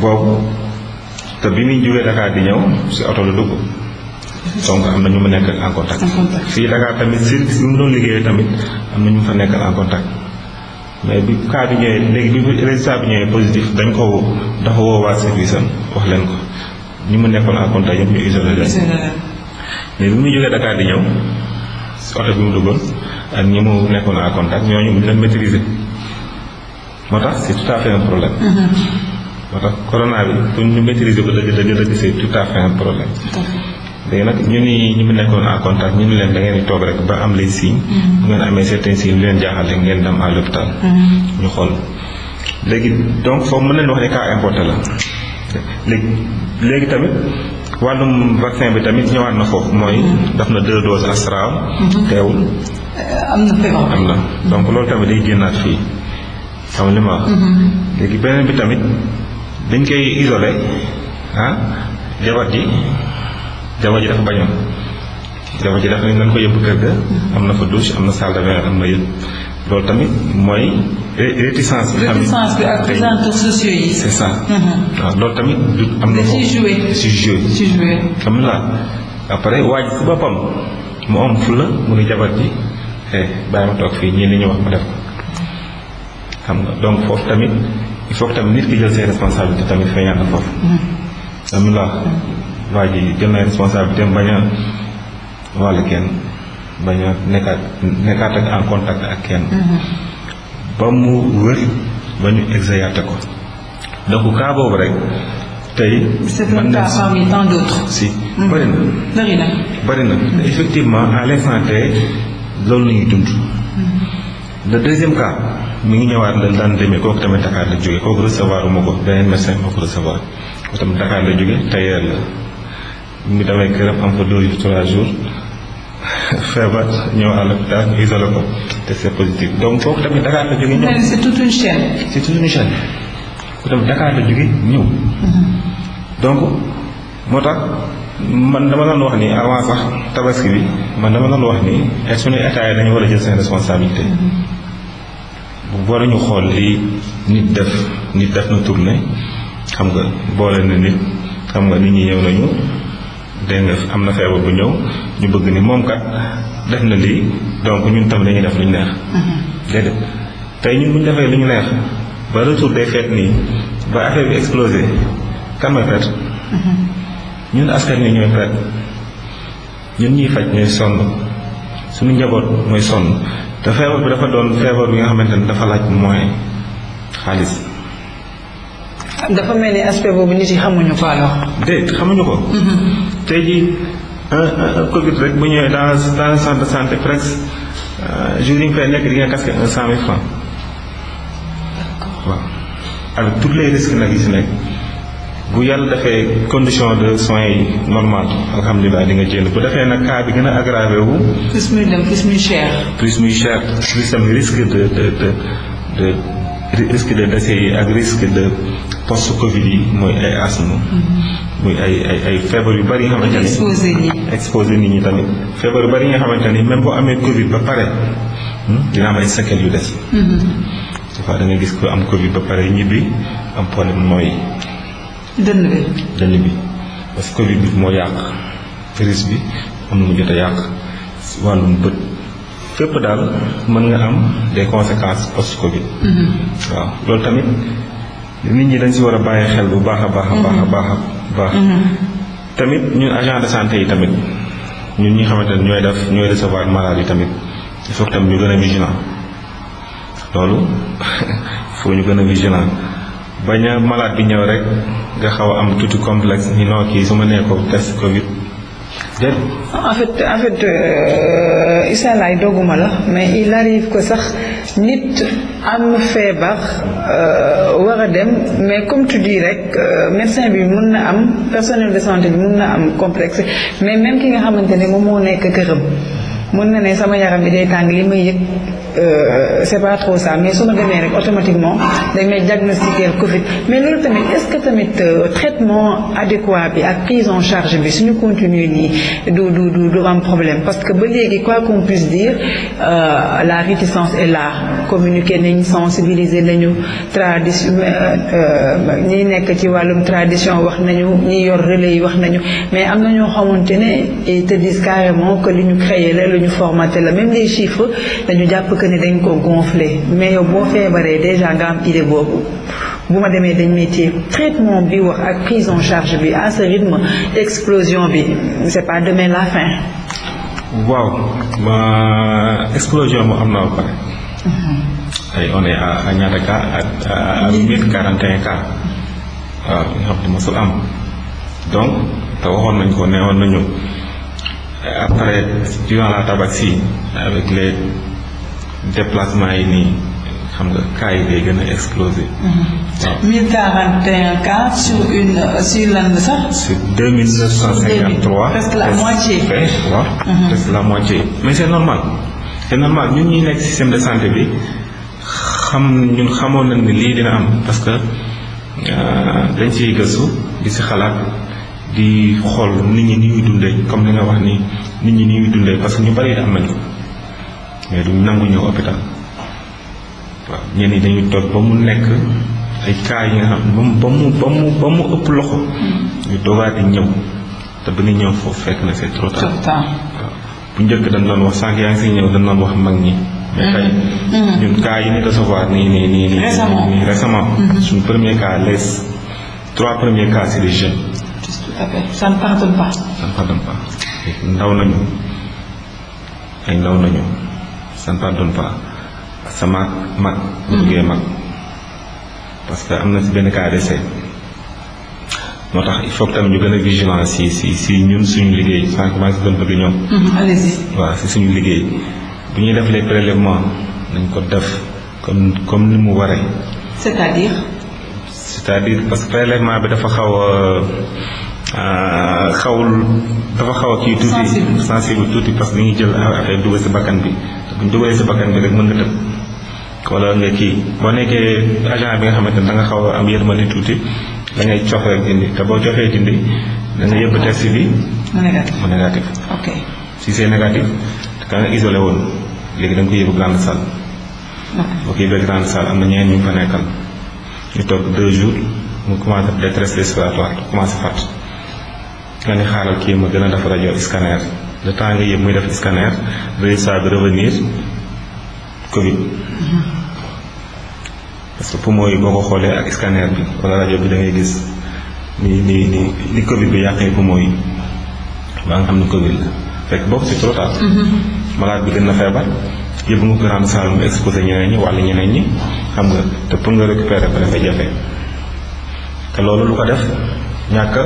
boobu te bi muy jógee Dakar di ñëw si oto la dugg. donc am na ñu mu nekk en fii Dakar tamit si si mu liggéeyee tamit am na ñu mu fa nekk en mais bi cas bi ñëwee léegi bi résultat bi ñëwee positif dañ ko woo woowaa woowaat service wax leen ko ñi mu nekkoon en contact ñëpp ñu isolé leen mais bi mu jógee bi mu duggoon ak ñi mu nekkoon en contact ñooñu mu leen maîtriser moo tax c'est tout à fait un problème mm-hmm. moo tax corona bi pour ñu maîtriser ko dëgg dëgg dëgg c'est tout à fait problème léegi nag ñu ni ñu mu nekkoon en contact ñu ni leen da ngeen toog rek ba am les signes. bu mm-hmm. ngeen amee certains signes lu leen jaaxale ngeen dem à l'hôpital mm-hmm. ñu xool léegi donc foofu mën nañu wax ne cas importé la léegi léegi tamit wàllum vaccin bi tamit ñëwaat na foofu mooy mm-hmm. daf na deux doses astral teewul euh, am na am na donc loolu tamit day génnaat fii xam li ma léegi beneen bi tamit dañ koy isolé ah jabar ji jabar ji dafa bañoon jabar ji dafa ne nañ ko yóbbu kër ga mm-hmm. am na fa douche am na salle de am na yëpp loolu tamit mooy réticence bi réticence bi ak réseaux sociaux yi c'est ça mm-hmm. waaw loolu tamit am na foofu si joué si mu am fula mu ne jabar ji eh bàyyi toog fii ñii li ñu wax ma def ko xam nga donc foofu tamit il faut que tamit nit ki jël ses responsabilités tamit feeñaan na foofu. Mm-hmm. alhamdulilah waa ji jël na responsabilité am bañ a wàll kenn bañ nekkaat nekkaat ak en contact ak kenn. Mm-hmm. ba mu wër ba ñu exécuté ko donc boobu rek. tey mën nañ si parmi tant d'autres. Mm-hmm. na. bëri na bëri na effectivement à l'instant tey loolu la ñuy dund. Mm-hmm. le ngi ñëwaat la daan demee kooku tamit Dakar la jógee kooku recevoir uma ko beneen médecin moo ko recevoir kooku tamit Dakar la jógee tailleur la. mu ngi demee këram am fa deux jours trois jours (laughs) feebar ñëw à l'hôpital ñu ko te c'est positif donc kooku tamit Dakar la jógee ñëw. c'est toute une chaîne. c'est toute une chaîne mm-hmm. donc moo tax man dama doon wax nii avant sax tabaski bi man dama doon wax ni et suñu état yi dañu war a jël seen responsabilité. bu mm-hmm. war ñu xool lii nit def nit def na tournée xam nga boole na nit xam nga nit ñi ñëw nañu. dégg nga am na feebar bu ñëw ñu bëgg ni moom kat def na lii donc ñun tam dañuy def lu ñu neex. Mhm. déedéet tey ñun bu defee lu ñu neex ba retour day fekk nii ba affaire bi explosé kan mooy perte. Mhm. ñun askan wi ñooy perte ñun ñuy faj ñooy sonn suñu njaboot mooy sonn te feebar bi dafa doon feebar bi nga xamante ne dafa laaj moyen xaalis. dafa mel ni aspect boobu nit yi xamuñu ko alors. déet xamuñu ko. Mhm. te jii euh, euh, Covid rek bu ñëwee dans dans le de santé presque euh, jour yi ñu fay nekk di nga casque un cent mille francs. d'accord les risques nag yi si nekk bu yàlla defee condition de soins yi normale alhamdulilah di nga jënd bu defee nag cas bi gën a aggravé wu. plus muy dem plus muy cher. plus muy cher plus am risque de de de de. risque de décès yi ak risque de post Covid yi mooy ay asthme. muy ay ay ay feebar yu bari nga xamante ni exposé nit ñi exposé nit ñi nga xamante ni même boo amee Covid ba pare hmm, dina am ay séquelles yu des. Mm-hmm. des fois gis ko am Covid ba pare ñibbi am problème mooy dënn bi dënn bi parce que Covid bi moo yàq virus bi am na mu jot a yàq wàllum bët. fépp daal mën nga am des conséquences post covid mm-hmm. waaw loolu tamit nit ñi dañ si war a bàyyi xel bu baax a baax a baax a baax a baax mm-hmm. tamit ñun agent de santé yi tamit ñun ñi xamante ne ñooy def ñooy recevoir malade yi tamit il tamit ñu gën a vigilant loolu (laughs) foo ñu gën a vigilant bañ a malade bi ñëw rek nga xaw a am tuuti complex ni noo kii su ma nee ko test covid déet ah, en fait euh, Issa Laye dogguma la mais il arrive que sax nit am feebar euh, war a dem mais comme tu dis rek euh, médecin bi mun na am personnel de santé bi mun na am complexe mais même ki nga xamante ne moom moo nekk këram. mën na ne sama yaram bi day tàng li may yëg euh, c'est pas trop ça mais su ma demee rek automatiquement dañ may diagnostiquer Covid mais loolu tamit est-ce que tamit euh, traitement bi ak prise en charge bi suñu continuer nii du du du du am problème parce que ba léegi quoi qu'on puisse dire euh, la réticence et la communiquer nañu sensibiliser nañu tradition ñi nekk ci wàllum tradition wax nañu ñu yor relais yi wax nañu mais am na ñoo xamante te disent carrément que li ñu formaté la même les chiffres dañu jàpp que ne dañ ko gonflé mais yow boo feebaree déjà nga am idée boobu bu ma demee dañ métier traitement bi wax ak prise en charge bi à ce rythme explosion bi c'est pas demee la fin. waaw ma explosion mu am na ba pare. Mhm. ay on est à ñaata cas à à mille quarante et un waaw nga xam ne mosul am donc te waxoon nañ ko neewoon nañu. après durant la tabaski avec les déplacements yi nii xam nga cas yi day gën a exploser. Mhm. waa mille la moitié. waaw mhm. presque la moitié. mais c' est normal c' normal ñun ñuy nekk système de santé bi xam ñun xamoon nañ ne lii dina am parce que euh, dañ ci gëstu di si xalaat. di xool nit ñi ni ñuy comme li nga wax ni nit ñi ni ñuy dundee parce que ñu bari am nañ ko mais duñ nangu ñëw hôpital waaw ñenn ñi dañuy toog ba mu nekk ay cas yi nga xam ba mu ba mu ëpp loxo ñu doogaat di ñëw te ba ñu ñëw foofu fekk na c'est trop tard waaw bu njëkk dañ doon wax sànq yaa ngi si ñëw dañ doon wax mag ñi mais tey mm-hmm. ñun cas yi ñu recevoir nii nii nii nii récemment mm-hmm. suñu premier cas les trois premiers cas c'est des jeunes tout à fait ça ne pardonne pas. ndaw nañu ay ndaw nañu ça ne pardonne sa mag mag. bu duggee mag parce que am na si benn cas d'essai moo tax il faut que tamit ñu gën a vigilant si si si ñun suñu liggéey sànq maa ngi si doon bëgg ñoom. Mm-hmm, allez-y waaw si suñu liggéey bu ñuy def les prélèvements nañ ko def comme comme ni mu waree. c'est-à-dire. c'est-à-dire parce que prélèvement bi dafa xaw Euh, xawul dafa xaw a kii tuuti sensible tuuti parce que dañuy jël affaire dugal si bakkan bi buñ dugalee si bakkan bi rek mën nga tëb wala nga kii boo nekkee agent bi nga xamante ne da nga xaw a am yërmande tuuti da ngay cox rek dindi te boo coxee dindi da nga yëbb test bi mu négatif ok ka nga isolé woon léegi da nga ko yóbbu grande salle boo ko yóbbee grande salle am na ñeneen ñu fa nekkal ñu toog deux jours mu commencé détresse respiratoire commencé fàtt nga ne xaaral kii ma gën a def rajo scanner le temps nga yëpp muy def scanner résultat bi revenir Covid. parce que poumon yi boo ko xoolee ak scanner bi wala rajo bi dangay gis ni ni ni ni Covid bi yàqee poumon yi ba nga xam ne Covid la fekk boobu c'est trop tard. Mm-hmm. bi gën na feebar yëpp nga ko grande salle mu exposé ñeneen ñi wàll ñeneen ñi xam nga te pour nga récupérer ba dafay jafe te loolu lu ko def ñàkk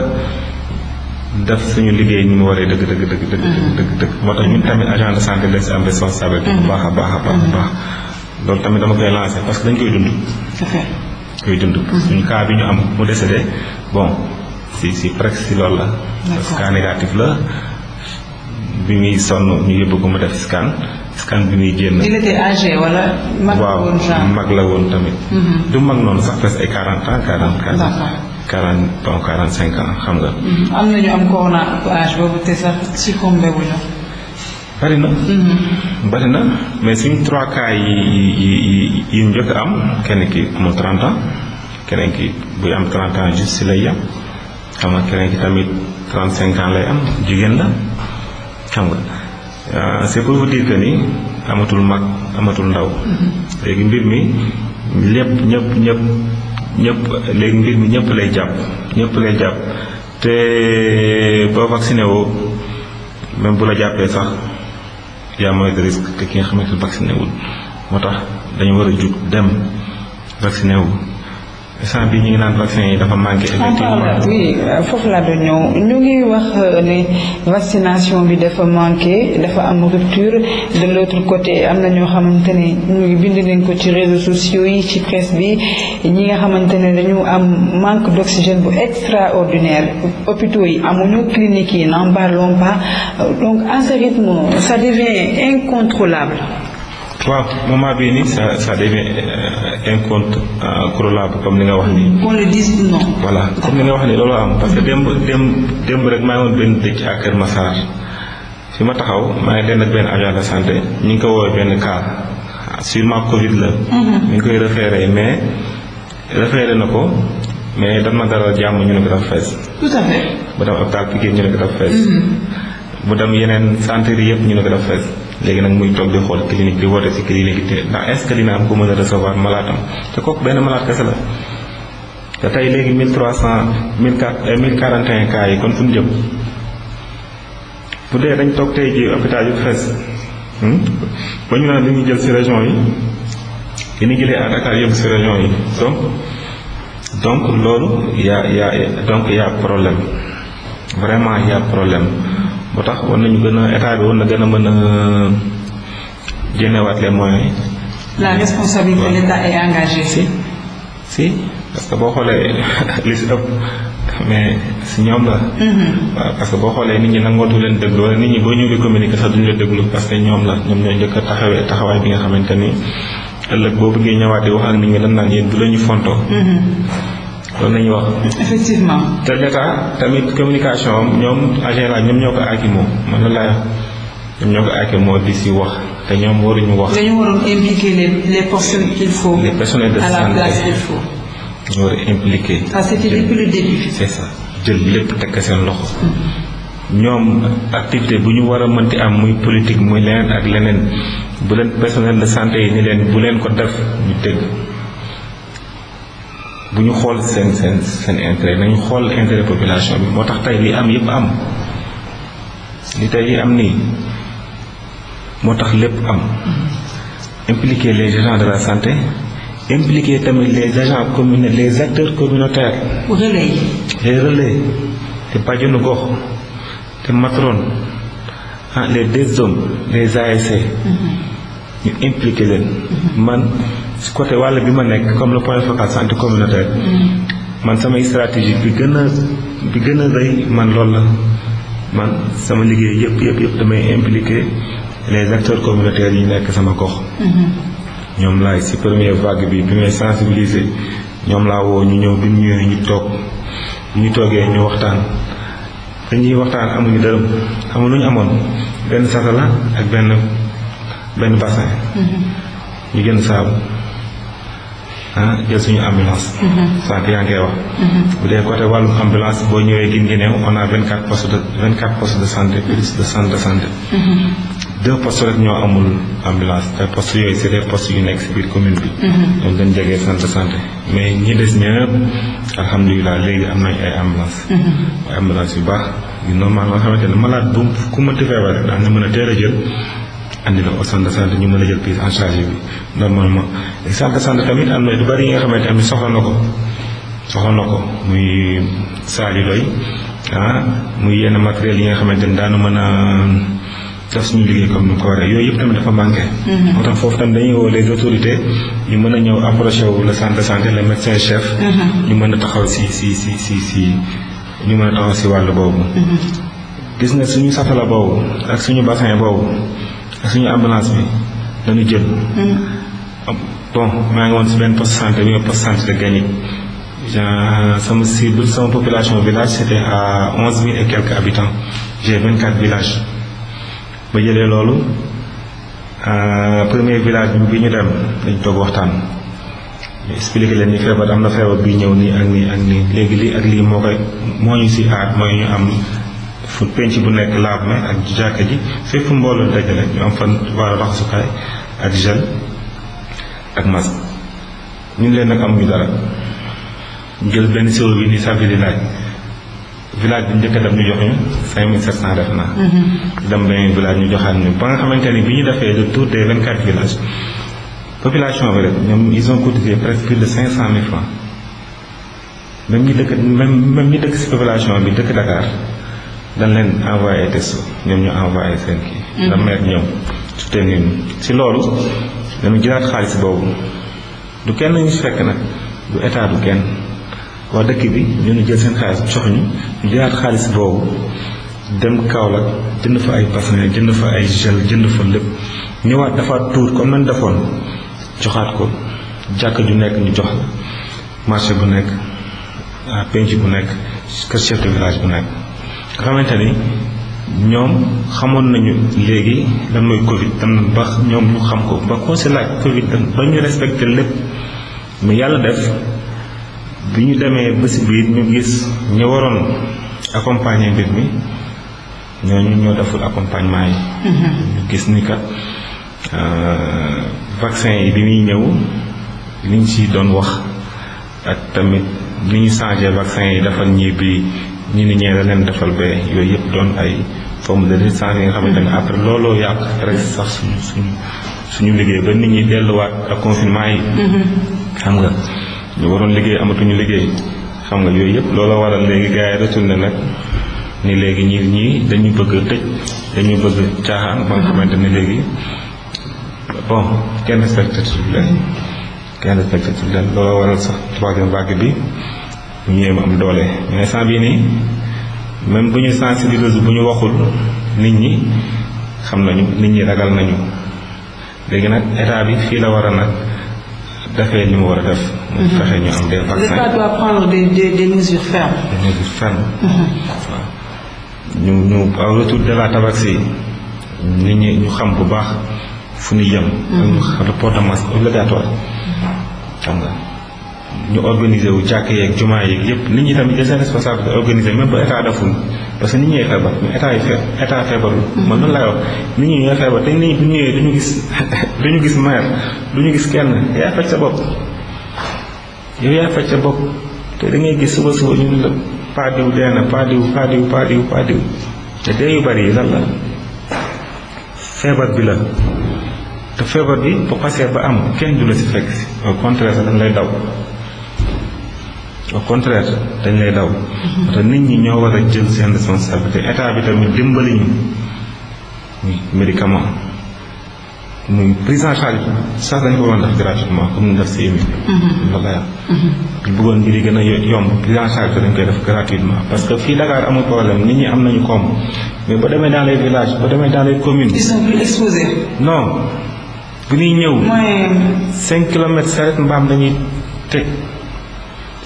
def suñu liggéey ñu mu waree dëgg dëgg dëgg dëgg mm-hmm. dëgg dëgg moo tax ñun tamit agent de santé dañ si am responsabilité bu baax a baax a baax a baax mm-hmm. loolu tamit dama koy lancé parce que dañ koy dund koy dund mm-hmm. suñu cas bi ñu am mu décédé bon si si presque si lool la parce que cas négatif la bi muy sonn ñu yóbbu ko mu def scan scan bi muy génn il était âgé mag la woon tamit du mag noonu sax presque ay quarante ans quarante quatre quarante bon quarante cinq ans xam nga. Mhm. am na ñu am corona ak âge boobu te sax succombé wu ñu. bari na. Mhm. bari na mais suñ trois cas yi yi yi njëkk am kenn ki amul trente ans keneen ki buy am trente ans juste si lay yem xam nga keneen ki tamit trente cinq ans lay am jigéen la xam nga euh, c'est pour vous dire que ni amatul mag amatul ndaw. Mhm. léegi mbir mi lépp ñëpp ñëpp. ñëpp léegi mbir mi ñëpp lay jàpp ñëpp lay jàpp te boo vacciné woo même bu la jàppee sax yaa mooy de risque que ki nga xamante ne vacciné wul moo tax dañu war a jug dem vacciné wu sant bi ñu ngi naan vaccin yi dafa manqué. effectivement foofu laa doon ñu ngi wax euh, ne vaccination bi dafa manqué dafa am rupture de l' autre côté am na ñoo xamante ne ñu ngi bind nañ ko ci réseaux sociaux yi ci presse bi ñi nga xamante ne dañu am manque d' oxygène bu extraordinaire hôpitaux yi amuñu cliniques yi n'en parlons pas euh, donc à ce rythme ça devient incontrôlable. waaw moment bii nii ça ça devient incontrôlable euh, euh, comme li nga wax nii. qu'on comme li nga wax nii loolu am parce que démb démb démb rek maa ngi woon benn dëkk à Kër Massar fi ma taxaw maa ngi den ak benn agent de santé ñu ngi ko woowee benn cas sûrement Covid la. Mhm. ñu ngi koy référé mais référé na ko mais ma dara jàmm ñu ne ko dafa fees. tout à fait. mu dem hôpital Pikine ñu ne ko dafa fees. Mhm. mu dem yeneen centre yëpp ñu ne ko dafa fees. léegi nag muy toog di xool clinique di woote si clinique yi ndax est-ce que dina am ku mën a recevoir malade am te kooku benn malade kese la te tey léegi mille trois cent mille quatre eh, mille quarante et un cas yi kon fu ñu jëm bu dee dañ toog tey ji hôpital yu fees hmm? ba ñu naan dañuy jël si région yi dina jëlee à Dakar yóbbu si yi donc donc loolu yaa yaa donc y problème vraiment y problème moo tax war nañu gën a état bi war na gën a mën a génnewaat les moyens yi. la responsabilité si si parce que boo xoolee (laughs) li si ëpp mais si ñoom la. Mm-hmm. waaw parce boo xoolee nit ñi nangootu leen déglu wala nit ñi boo ñëwee communiqué sax duñu la déglu parce que ñoom la ñoom ñoo njëkk a taxawee taxawaay bi nga xamante ni ëllëg boobu ngay ñëwaat di wax ak nit ñi dañ naan yéen du la ñu fontoo. Mm-hmm. loolu la wax. effectivement te l'état tamit communication am ñoom agent ñoom ñoo ko akimoo man loolu laa ñoom ñoo ko moo di si wax te ñoom waruñu wax. dañu waroon impliquer les les personnes qu'il de santé ñu war a impliqué. Ah, ça c'était depuis jël lépp tekk seen loxo. Mm. ñoom activité bu ñu war a mënti am muy politique muy leneen ak leneen bu leen personnel de santé yi ni leen buleen ko def ñu dégg. bu ñu xool seen seen seen intérêt nañu xool intérêt population bi moo tax tey li am yépp am li tey li am nii moo tax lépp am impliqué les agents de la santé impliquer tamit les agents communautaires les acteurs communautaires. relais les relais te bajenu gox te matron ah les deux hommes les ASC. Mm-hmm. ñu impliquer leen mm-hmm. man. si côté wàll bi ma nekk comme le point focal santé communautaire mm. man sama stratégie bi gën a bi gën a rëy man loolu la man sama liggéey yëpp yëpp yëpp damay impliquer les acteurs communautaires yi nekk sama gox mm-hmm. ñoom laay si premier vague bi bi may sensibiliser ñoom laa woo ñu ñëw bi ñu ñu toog ñu toogee ñu waxtaan ñuy waxtaan amuñu dërëm xamul lu ñu amoon benn la ak benn benn bassin mm-hmm. ñu gën saabu ah jël suñu ambulance. sànq yaa ngi koy wax. bu dee côté wàllum ambulance boo ñëwee Guinguinéo on a vingt quatre postes de vingt quatre postes de santé plus de centre santé. Mm-hmm. deux postes rek ñoo amul ambulance te postes yooyu c'est des postes yu nekk si biir commune bi. donc mm-hmm. dañ jege centre santé mais ñi des ñëpp alhamdulilah léegi am nañ ay ambulance waaye mm-hmm. ambulance yu baax yu normal nga xamante ne malade bu ku mënti feebar rek daan nga mën a teel a jël. andi la au centre de santé ñu mën a jël prise en charge bi normalement centre de santé tamit am na lu bari yi nga xamante ne soxla na ko soxla na ko muy saal yu doy ah muy yenn matériel yi nga xamante ni daanu mën a def suñu liggéey comme ni ko waree yooyu yëpp tamit dafa manqué. Mhm. moo tax foofu tamit dañuy woo les autorités ñu mën a ñëw approché wu le centre de santé le médecin chef. Mhm. ñu mën a taxaw si si si si si ñu mën a taxaw si wàll boobu. Mhm. gis nga suñu safala ak suñu bassin boobu. suñu ambulance bi dañu jël. Mm-hmm. bon maa ngi woon si benn poste santé bi nga poste de Gagny sama cible sama population village c' était onze mille et quelques habitants j'ai vingt quatre villages ba jëlee loolu euh, premier village bi ñu dem dañ toog waxtaan ñu expliqué leen ni feebar am na feebar bi ñëw nii ak nii ak nii léegi lii ak lii moo koy moo ñu si aat mooy ñu am fu penc bu nekk laab na ak jàkka ji fépp mbooloo dajale ñu am fan waa raxasukaay ak gel ak masque ñun leen nag amuñu dara jël benn siwo bi nii sàrdi di laaj village bi njëkk a dem ñu jox ñu cinq mille sept cent def naa mm-hmm. dem beneen village ñu joxaat ñu ba nga xamante ni bi ñu defee le tour des vingt quatre villages population bi rek ñoom ils ont cotisé presque plus de cinq cent mille francs même ñi dëkk même même dëkk si population bi dëkk Dakar dañ leen envoyé test ñoom ñu envoyé seen kii. dama mhm. nekk ñoom soutenir ñu si loolu dañu jëlaat xaalis boobu du kenn ñu si fekk nag du état du kenn waa dëkk bi ñu jël seen xaalis jox ñu ñu xaalis boobu dem Kaolack jënd fa ay bassin jënd fa ay gel jënd fa lépp ñëwaat dafaat tuur comme nañ defoon joxaat ko jàkk ju nekk ñu jox la marché bu nekk ah, penc bu nekk kër chef village bu nekk. nga xamante ni ñoom xamoon nañu léegi lan mooy Covid tam ba ñoom ñu xam ko ba koo si laaj Covid ba ñu respecté lépp mu yàlla def bi ñu demee ba si biir ñu gis ñu waroon accompagner mbir mi ñooñu ñoo deful accompagnement yi. Mm-hmm. ñu gis ni kat euh, vaccin yi bi muy ñëw liñ ci doon wax ak tamit li ñu changé vaccin yi defal ñii bi ñu ni ñee la leen defal ba yooyu yëpp doon ay forme de san yi nga xamante ne après looloo yàq rek sax su su suñu liggéey ba nit ñi delluwaat ak confinement yi mm-hmm. xam nga ñu waroon liggéey amatuñu liggéey xam nga yooyu yëpp looloo waral léegi gars yi retourné nag ni léegi ñi ñii dañu bëgg tëj dañu bëgg caaxaan ba nga mm-hmm. xamante ne léegi bon kenn respecté leen kenn respecté leen looloo waral sax troisième vague bi bu ñëwee am doole mais sant bii nii bu ñu sensibiliser bu ñu waxul nit ñi xam nañu nit ñi ragal nañu léegi nag état bi fii la war a nag dafee li war a def. mu mhm. fexe ñu am mhm. ñu ñu au retour de la tabaski nit ñi ñu xam bu baax fu ñu yem. ñu mhm. port de masque obligatoire xam nga. ñu organiser wu jàkk yeek jumaa yeeg yëpp nit ñi tamit de seen responsabilité organiser même ba état deful parce que nit ñee feebar mais état mm-hmm. man loolu laay wax nit ñi ñooy feebar te nit ñi bu ñëwee duñu gis (laughs) duñu gis maire gis kenn yaay faj sa te da ngay gis suba suba ñu ne la paadiw dee na paadiw paadiw te dee yu bari yi la feebar bi la te feebar bi bu xasee ba am kenn du la si fekk si au contraire sax lay daw au contraire dañ lay daw. te nit ñi ñoo war a jël seen responsabilité état bi tamit dimbali ñu muy médicament muy prise en charge sax dañ ko waroon def gratuitement comme ñu def si mm-hmm. mm-hmm. yi gën a yomb prise en charge dañ koy def gratuitement parce que fii Dakar amul problème nit ñi am nañu koom mais ba demee dans les villages ba demee dans les communes. ils sont plus non bu ñuy ñëw. moyen cinq kilomètres saret mbaam dañuy teg.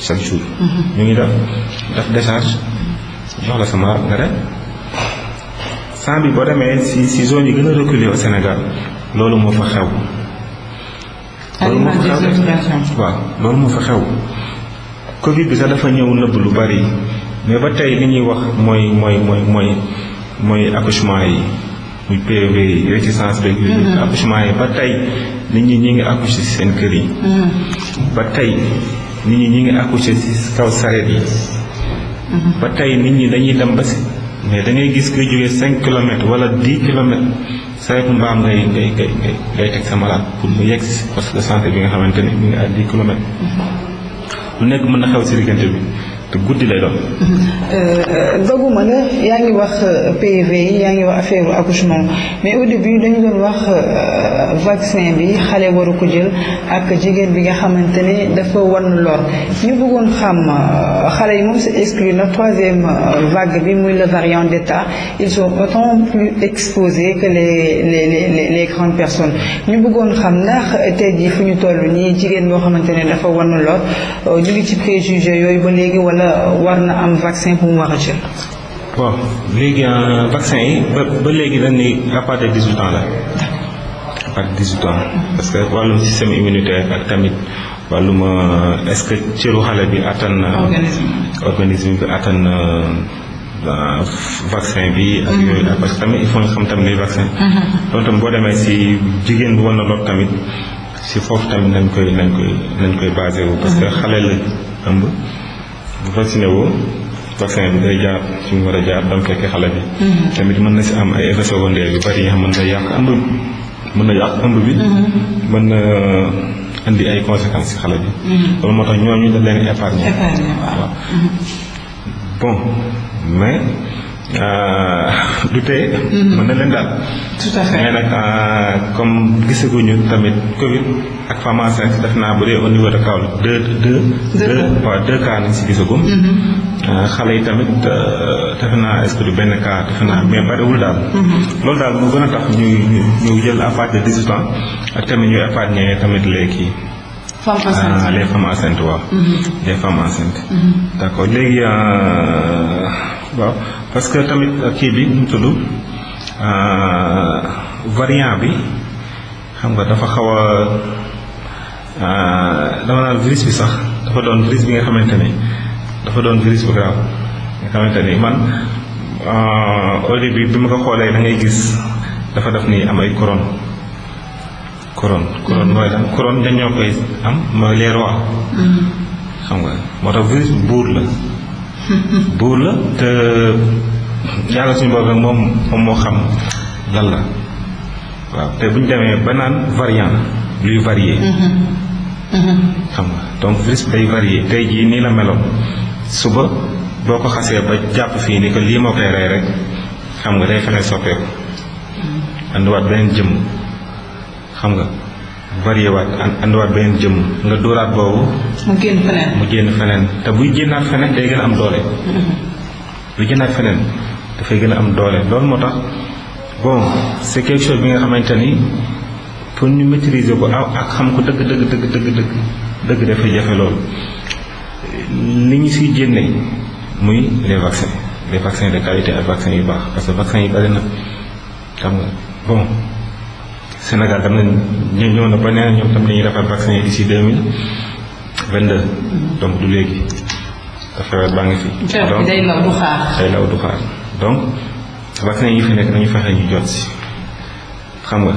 chaque jour. ñu ngi def def décharge jox la sama nga dem sang bi boo demee si si zone yi gën a Sénégal loolu moo fa xew. loolu moo fa xew loolu moo fa xew. Covid bi sax dafa ñëw nëbb lu bari mais ba tey li ñuy wax mooy mooy mooy mooy mooy accouchement yi muy PV e yi réticence beeg yooyu. Mm-hmm. yi ba tey nit ñi ñi ngi accouché si seen kër yi. Mm-hmm. ba tey nit ñi ñu ngi accouché ci kaw sareet yi mhm. ba tey nit ñi dañuy dem ba si mais da ngay gis kuy jógee cinq kilomètres wala dix kilomètres sareetu mbaam ngay ngay ngay ngay teg sa malade pour mu yegg si parce que santé bi nga xamante ne mi ngi à dix kilomètres mhm. lu nekk mën na xew si diggante bi te guddi lay doon. Euh, doguma la yaa ngi wax euh, PV yi yaa ngi wax affaire accouchement mais au début dañu doon wax euh, vaccin bi xale waru ko ak jigéen bi nga xamante ne dafa wan lor ñu bëggoon xam xale yi moom exclu na troisième vague bi muy la variant ta ils sont autant plus exposés que les les les les grandes personnes ñu bëggoon xam ndax tey jii fu ñu toll nii jigéen boo xamante ne dafa wan lor ñu ngi ci préjugé yooyu ba léegi wala war na am vaccin bu mu war a jël. bon léegi euh, vaccin yi ba ba léegi dañ ni à partir de la. à partir de 18 parce que wàllum système immunitaire ak tamit wàllum euh, est-ce que cëru xale bi attan na. organisme organisme bi attan euh, vaccin bi ak mm-hmm. yooyu daal parce que tamit il faut ñu xam tamit les vaccins mm-hmm. loolu tamit si foofu tamit nañ koy nañ koy nañ parce que mm-hmm. xale la ëmb bu vacciné woo vaccin bi day jaar ci mu war a jaar dam fekk xale bi. Mhm. tamit mën na si am ay effets secondaires yu bari yi mën na yàq ëmb bi mën na yàq ëmb bi. Mhm. mën na andi euh, ay conséquences ci xale bi. Mhm. loolu moo tax ñooñu dañ leen épargner. épargner waaw bon mais. Euh, du tee. Mhm. mën na leen daal. tout à fait mais nag euh, comme gisaguñu tamit Covid ak femme enceinte def naa bu dee au niveau de Kaolack deux deux. deux waaw deux cas nañ si gisagum. Mhm. Euh, xale yi tamit defe naa est-ce que du benn cas defe naa mais bariwul daal. Mhm. loolu daal moo ñu ñu jël à partir de tamit ñu épargner tamit léegi. femmes enceintes d'accord léegi. waaw parce que tamit euh, kii bi ñu tudd euh, variant bi xam nga dafa xaw a euh, dama naan virus bi sax dafa doon virus bi nga xamante ni dafa doon virus bu grave nga xamante ni man au bi bi ma ko xoolee da ngay gis dafa def ni am ay couronne couronne couronne mooy lan couronne dañoo koy am mooy les rois mm-hmm. xam nga moo tax virus bu buur la buur la te yàlla suñu bopp nag moom moom moo xam lan la waaw te bu ñu demee ba naan variant luy varier mm-hmm. Mm-hmm. xam nga donc risque day varier tey jii nii la meloon suba boo ko xasee ba jàpp fii ni ko lii moo koy rey rek xam nga day fexee soppeeku mm-hmm. andiwaat beneen jëmm xam nga varié waat andiwaat beneen jëmm nga dóoraat boobu. mu génn feneen génn feneen te buy génnaat feneen day gën a am doole. Mm-hmm. buy génnaat feneen dafay gën a am doole loolu moo tax bon c'est quelque chose bi nga xamante ni pour ñu maîtriser ko ak xam ko dëgg dëgg dëgg dëgg dëgg dëgg dafay jafe loolu li ñu siy génne muy les vaccins les vaccins de qualité ak vaccins yu baax parce que vaccins yi bari na nga bon. Sénégal tam ne na ba nee na ñoom tam dañuy defar vaccin yi d'ici deux mille vingt deux donc du léegi dafa feebar baa ngi fi. donc day law du xaar day donc vaccin yi fi nekk nañu fexe ñu jot si xam nga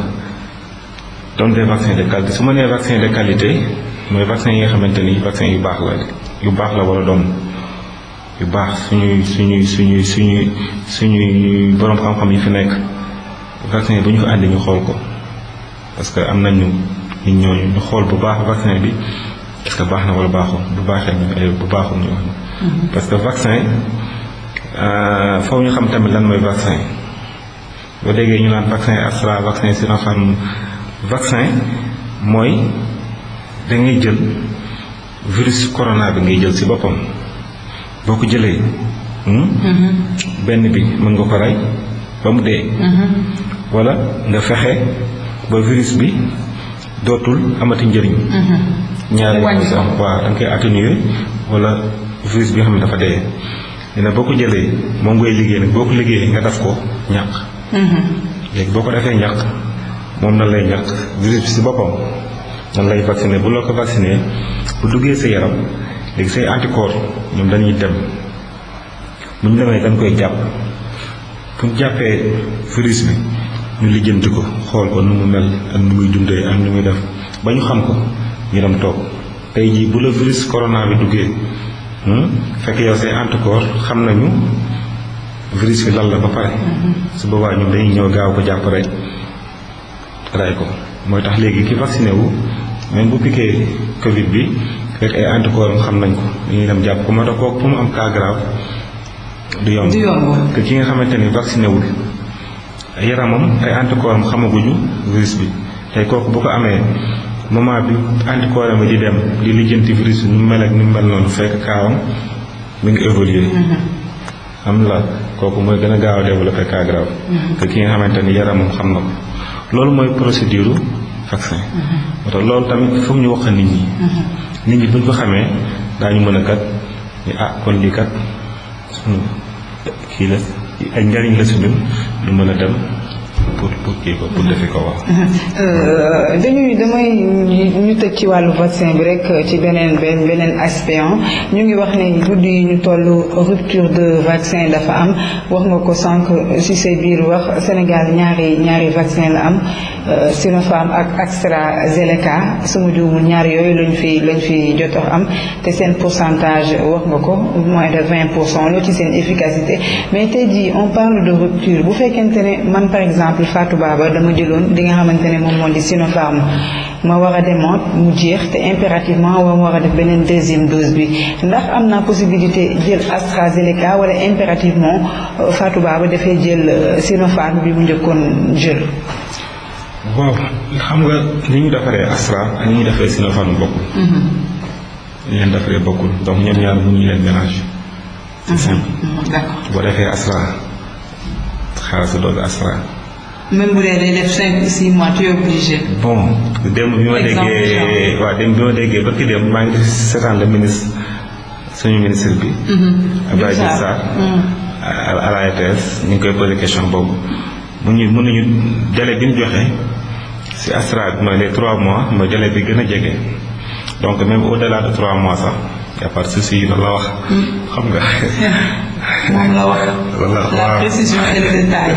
donc des vaccins de qualité su ma nee vaccin de qualité mooy vaccin yi nga xamante ni vaccin yu baax la yu baax la wala doon yu baax suñuy suñuy suñuy suñuy suñuy borom xam-xam yi fi nekk vaccin bu ñu ko àndi ñu xool ko. parce que am nañu nit ñooñu ñu xool bu baax vaccin bi est baax na wala baaxul bu baaxee bu baaxul ñu wax ñu mm-hmm. parce que vaccin euh, faw ñu xam tamit lan mooy vaccin boo déggee ñu naan vaccin Astra vaccin Sinopharm vaccin mooy da ngay jël virus corona bi ngay jël ci boppam boo ko jëlee hmm? mm-hmm. benn bi mën nga ko rey ba mu dee mm-hmm. wala nga fexe ba virus bi dootul amati njëriñ. ñaar yoo xam ne waaw da nga koy atténuer wala virus bi xam ne dafa dee. dina boo ko jëlee moom ngay liggéey nag boo ko liggéeyee nga def ko ñàq. Mm-hmm. léegi boo ko defee ñàq moom nan lay ñàq virus bi si boppam nan lay vacciner bu la ko vacciner bu duggee sa yaram léegi say anticorps ñoom dañuy dem bu ñu demee dañ koy jàpp bu ñu jàppee virus bi. ñu lijjanti ko xool ko nu mu mel ak nu muy dundee ak nu muy def ba ñu xam ko ñu dem toog tey jii bu la virus corona bi duggee hmm, fekk yow say anticorps xam nañu virus bi lan la ba pare. Mm-hmm. su boobaa ñun dañuy ñëw gaaw ko jàpp rek ray ko mooy tax léegi ki vacciné wu même bu Covid bi fekk ay anticorps xam nañ ko dañuy dem jàpp ko moo tax kooku pour mu am cas grave du yomb. du yomb ki nga xamante ni vacciné yaramam ay anticorps xamaguñu virus bi tey kooku bu ko amee moment bi anticorps am di dem di lijjanti virus bi nu mel ak nu mel noonu fekk kaawam mu ngi évoluer xam mm-hmm. la kooku mooy gën a gaaw a développé mm-hmm. te ki nga xamante ni yaramam xam na ko loolu mooy procédure vaccin wata mm-hmm. loolu tamit foog ñu wax nit ñi nit ñi bu ñu ko xamee daañu mën a kat ni ah kon lii kat hmm, kii la ay njariñ la si ñun ñu mën a dem pour pour kii ko pour euh, dañuy damay ñu tëj ci wàllu vaccin bi rek ci beneen beneen aspect ñu ngi wax ne guddi yi ñu toll rupture de vaccin dafa am wax nga ko sànq si say biir wax Sénégal ñaari ñaari vaccin la am si euh, Sinopharm ak AstraZeneca su ma juumul ñaar yooyu lañ fi lañ fi jot am te seen pourcentage wax nga ko moins de vingt pour cent loo ci seen efficacité mais tey jii on parle de rupture bu fekkente ne man par exemple Fatou Baba dama jëloon li nga xamante ne moom moo di Sinopharm ma war a demoon mu jeex te impérativement ma war a def beneen deuxième dose bi ndax am naa possibilité jël AstraZeneca wala impérativement euh, Fatou Baba dafay jël euh, Sinopharm bi mu njëkkoon jël. xam nga ni ñu defaree Astra ak ni ñu defaree Sinopharm bokkul. Mm-hmm. leen defaree bokkul donc ñoom ñaar leen mélange. Mm-hmm. Mm-hmm. boo defee Astra xaaral sa dose Astra. même bu dee day def cinq six mois tu es bon démb bi ma déggee waaw démb bi ma déggee ba ki dem maa ngi seetaan le ministre suñu ministre bi. Mhm. Abdoulaye Diouf Sarr mhm. à la RTS ñu ngi koy posé question boobu mu ñu mën nañu bi mu joxe si Astra bi mooy les trois mois mooy délai bi gën a jege donc même au delà de trois mois sax y a pas de la wax mhm. xam nga. (laughs) moom la wax. la précision et le détail.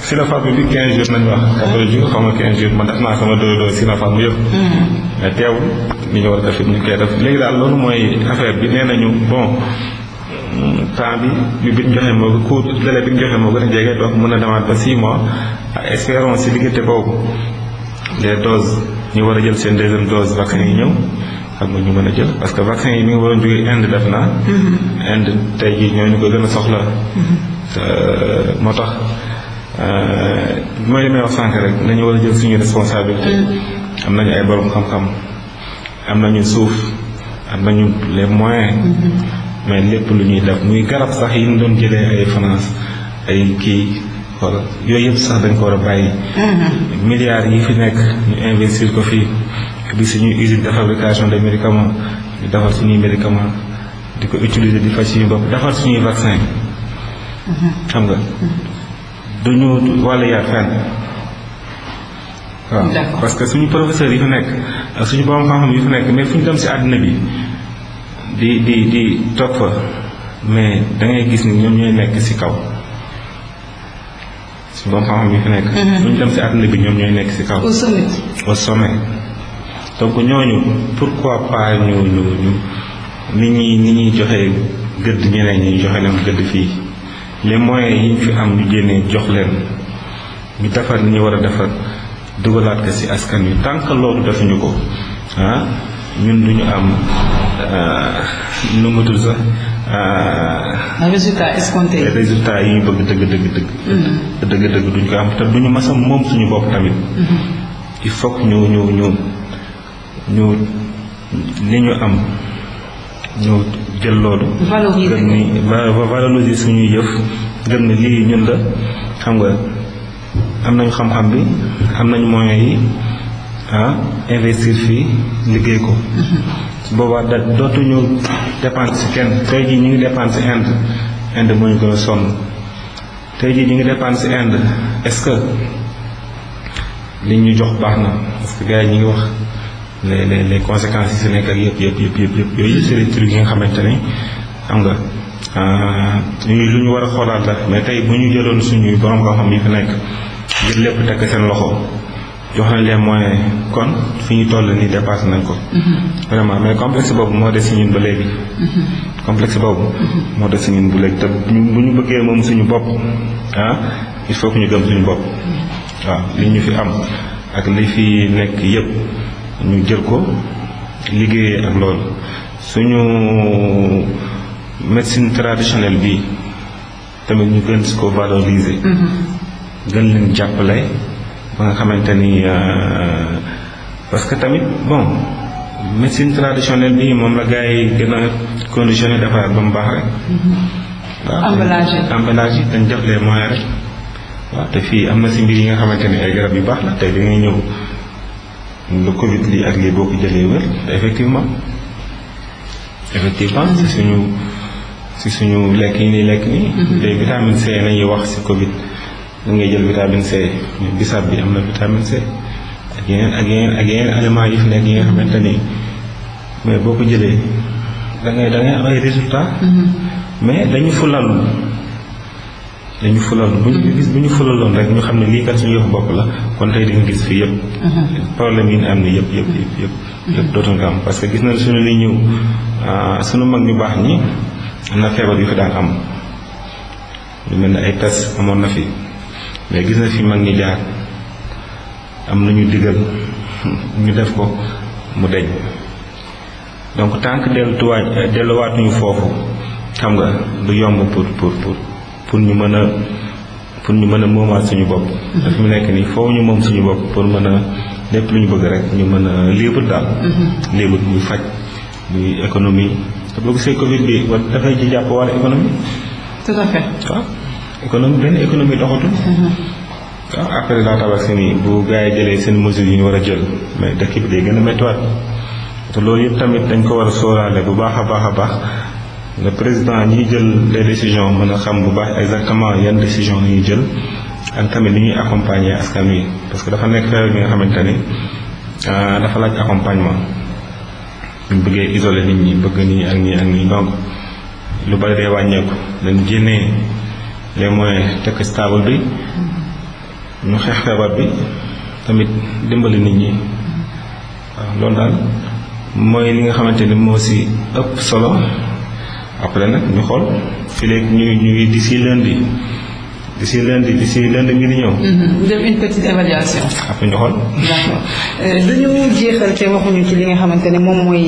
Sinopharm bi 15 jours nañu wax. 14 jours xaw ma 15 jours man def naa sama doyodoo Sinopharm mu yëpp. mais teewul li ñu war a def mooy affaire bi nee nañu bon temps bi bi ñu joxe moo ko coût délai bi moo gën a jege donc mën na demaat ba 6 mois espérons si diggante boobu les doses ñu war a jël seen deuxième dose vaccin yi ñëw. xam na ñu mën a jël parce que vaccin yi mu ngi waroon jógee Inde def naa mm-hmm. Inde tey ñoo ñooñu ko gën a soxla mm-hmm. euh, moo tax euh, mooy li may wax sànq rek nañu war a jël suñu responsabilité mm-hmm. am nañu ay boroom xam-xam am nañu suuf am nañu les moyens mais lépp lu ñuy def muy garab sax yi ñu doon jëlee ay France ay kii yooyu yëpp sax dañ ko war a bàyyi milliards yi fi nekk ñu investir ko fii di suñuy usine de fabrication des médicaments di defar suñuy médicaments di ko utiliser di faj suñu bopp defar suñuy vaccin mm-hmm. xam nga mm-hmm. duñu wàll yaar fenn waaw parce que suñu professeurs yi fi nekk ak suñu borom xam-xam yi fi nekk mais fu ñu dem si àddina bi di di di toog fa mais da ngay gis ni ñoom ñooy nekk si kaw suñu borom xam-xam yi fi nekk mm-hmm. fu ñu dem si àddina bi ñoom ñooy nekk si kaw au sommet au sommet donc ñooñu pourquoi pas ñu ñu ñu ni ñuy ni ñuy joxe gëdd ñeneen ñi joxe leen gëdd fii les moyens yi am ñu jox leen ñu defar ñu war a defar dugalaat ko askan wi tant loolu defuñu ko ah ñun duñu am euh, nu mu tudd sax. Euh, résultat escompté. résultat yi ñu bëgg dëgg mm-hmm. duñ ko am te duñu masa moom suñu bopp tamit. Mm-hmm. ñu li ñu am ñu jël loolu gëm ni valoriser suñuy yëf gëm ni lii ñun la xam nga am nañu xam-xam bi am nañu moyens yi ah investir fii liggéey ko mhm. su boobaa da dootuñu dépense si kenn tey jii ñu ngi dépense si Inde Inde moo ñu gën a sonn tey jii ñu ngi dépense si Inde est-ce que li ñu jox baax na parce que ñu ngi wax les les les conséquences yi si nekk ak yëpp yëpp yëpp yëpp yëpp yooyu c'est des trucs yi nga xamante ne xam nga euh, ñuy lu ñu war a xoolaat la mais tey bu ñu jëloon suñuy borom koo xam yi fi nekk ngir lépp tekk seen loxo jox nañ leen moyens kon fi ñu toll nii dépassé nañ ko. Mm-hmm. vraiment mais complexe boobu moo des si ñun ba léegi. Mm-hmm. complexe boobu. Mm-hmm. moo des si ñun bu léegi te bu ñu bëggee moom suñu bopp ah il faut que ñu gëm suñu bopp waaw li ñu fi am ak li fi nekk yëpp. ñu jël ko liggéeyee ak loolu suñu médecine traditionnelle bi tamit ñu gën si ko valoriser. Mm-hmm. gën leen jàppale ba nga xamante ni euh, parce que tamit bon médecine traditionnelle bi moom la gars yi gën a conditionné defar ba mu baax rek. Mm-hmm. waaw emballage yi emballage yi dañ def les rek. waaw te fii am na si mbir yi nga xamante ni ay garab yu baax la tey dangay ñëw. le Covid lii ak lii boo ko jëlee wér effectivement effectivement si suñu si suñu lekk yi ñuy lekk nii. Mhm. les vitamine C nañuy wax si Covid da ngay jël vitamine C bisaab bi am na vitamine C ak yeneen ak yeneen ak yeneen aliments yi fi nekk yi nga xamante ni mais boo ko jëlee da ngay am ay résultats. Mhm. mais dañu fulalul. dañu fulaloon bu ñu gis bu ñu fulaloon rek ñu xam ne lii kat suñu yëfu bopp la kon tey di gis fi yëpp mhm. problème yi ñu am ni yëpp yëpp yëpp yëpp yëpp mhm. am parce que gis nañ suñu li ñëw ah, suñu mag ñu baax ñi am na feebar yu fi daan am mel ne ay tas amoon na fi mais na fi mag ñi jaar am nañu digal (laughs) ñu def ko mu deñ donc tant que delluwaat delluwaatuñu foofu xam nga du yomb pour pour pour pour ñu mën a pour ñu mën a moomaat suñu bopp. Mm-hmm. daf mu nekk nii foofu ñu moom suñu bopp pour mën a lépp lu ñu bëgg rek ñu mën a libre daal. Mm-hmm. libre ñu faj muy économie te boo gisee Covid wa dafay ci jàpp wàllu économie. tout à fait. waaw mm-hmm. waaw après la tabaski nii bu gars yi jëlee seen mesures yu ñu war a jël mais dëkk bi day gën a méttiwaat te loolu yëpp tamit dañ ko war a sóoraale bu baax a baax a baax. le président ñi jël les décisions mën a xam bu baax exactement yan décision ñuy jël ak tamit ni ñuy accompagner askan wi parce que dafa nekk feebar bi nga xamante ni euh, dafa laaj accompagnement ñu bëggee isoler nit ñi bëgg nii ak nii ak nii lu bari dee wàññeeku dañ génnee les moyens tekk stable bi ñu xeex feebar bi tamit dimbali nit ñi waaw loolu daal mooy li nga xamante ni moo si ëpp solo après nag ñu xool fileeg ñu ñu ngi d'ici lundi d'ici lundi d'ici lundi bi ñëw. Mhm. ñu def euh, te waxuñu ci li nga xamante ne moom mooy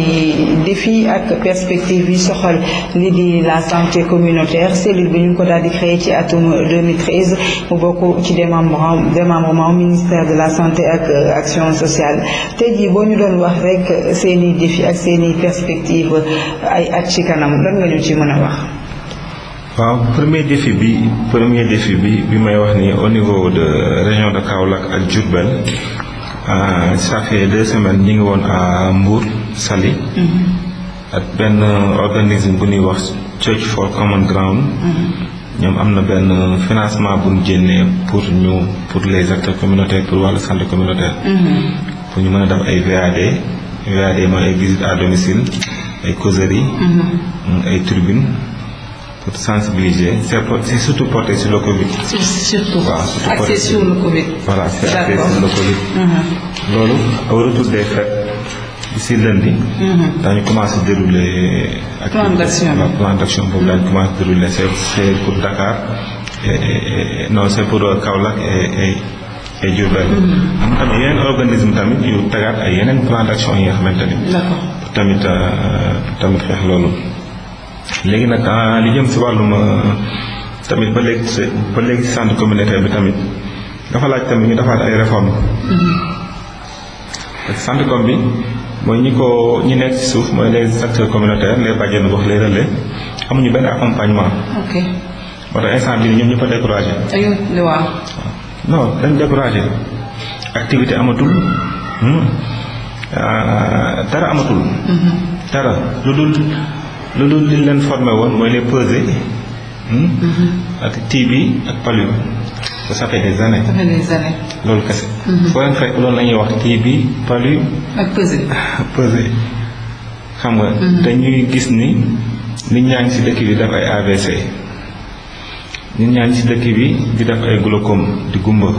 défi ak perspective yi soxal li di la santé communautaire cellule bi ñu ko daal di créé ci atum 2013 mu bokk ci démembrement démembrement ministère de la santé ak euh, action sociale te jii boo ñu doon wax rek seen i défi ak seen i perspective euh, ay at ci kanam lan nga ñu ci mën a wax. waaw premier défi bi premier défi bi bi may wax ni au niveau de région de Kaolack ak Diourbel ah, ça fait deux semaines ñi ngi woon à Mbour Saly mm-hmm. ak benn organisme bu ñuy wax Church for Common Ground mm-hmm. ñoom am na benn financement bu ñu génnee pour ñu pour les acteurs communautaires pour wàllu mm-hmm. ñu mën a def ay VAD VAD mooy ay visite à domicile ay causerie ay turbine pour sensibiliser c'est surtout porté surtout waaw surtout porté sur le Covid. voilà c'est axé sur mhm. loolu au retour des fêtes d'ici lundi. Mhm. daañu commencé dérouler. plan d'action activité plan boobu daañu mhm. commencé dérouler c'est c'est pour Dakar et non c'est pour euh, Kaolack et et. ay Diourbel am tamit yeneen organisme tamit yu tagaat ay yeneen plan yi nga xamante ni. tamit euh, tamit xeex loolu. léegi nag ah, li jëm si wàllum ah, tamit ba léegi ba léegi centre communautaire bi tamit dafa laaj tamit ñu defaat ay réformes. Mm-hmm. centre com bi mooy ñi ko ñi nekk si suuf mooy les acteurs communautaires les bàjjenu gox les relais amuñu benn accompagnement. ok moo tax instant bii ñoom ñu fa découragé. aywa waaw. non dañ découragé activité amatul hmm. ah, dara amatul. Mm-hmm. dara lu dul. lu dul liñ leen formé woon mooy les pesées hmm? mm-hmm. ak TB ak palu bi ça fait des années. ça fait des années. loolu kese. Mm-hmm. foo leen fekk loolu la wax TB palu. ak pesée. (laughs) xam nga. Mm-hmm. dañuy gis ni nit ñaa si dëkk bi def ay AVC nit ñaa si dëkk bi di def ay glaucome di gumba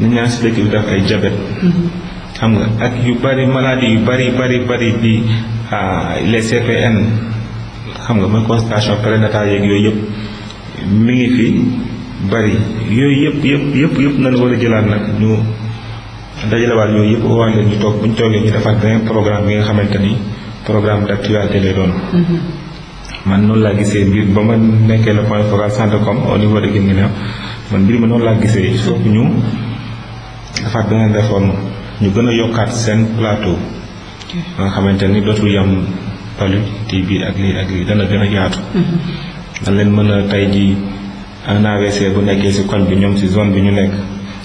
nit ñaa si dëkk bi def ay diabète. xam nga ak yu bari maladie yu bari bari bari di Ah, les CPN xam nga mooy consultation prénatale yeeg yooyu yëpp mi ngi fi bari yooyu yëpp yëpp yëpp yëpp nañu war a jëlaat nag ñu dajalewaat yooyu yëpp woo leen ñu toog bu ñu toogee ñu defaat beneen programme bi nga xamante ni programme d' actualité doon. Mm-hmm. man noonu laa gisee mbir ba ma nekkee la point focal centre com au niveau de Guinguinéo man mbir ma noonu laa gisee il faut que ñu defaat beneen réforme ñu gën a yokkaat seen plateau. ba xamante ni dootul yam palu tey bii ak lii dana gën yaatu mm-hmm. dañ leen mën a tey jii un AVC bu nekkee si koñ bi ñoom si zone bi ñu nekk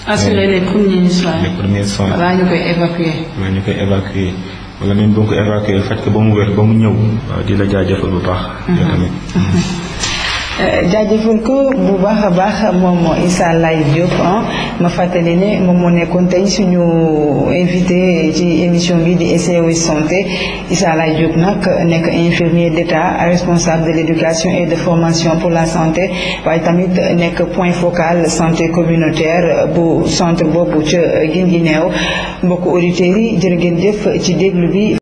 assurer les premiers soins les premiers ñu koy évacuer balaa ñu koy évacuer wala même bu ko évacuer faj ko ba mu wér ba mu ñëw waaw di la jaajëfal bu baax mm-hmm. yow tamit mm-hmm. Euh, jaajëfal ko bu baax a baax moom Issa Laye Diop ah. ma fàttali ne moom moo nekkoon tey suñu invité ci émission bi di SOS e santé Issa Laye nag nekk infirmier d'état responsable de l'éducation et de formation pour la santé waaye tamit nekk point focal santé communautaire bu centre boobu ca Guinguinéo mbokk auditeurs yi jërë ngeen jëf ci déglu bi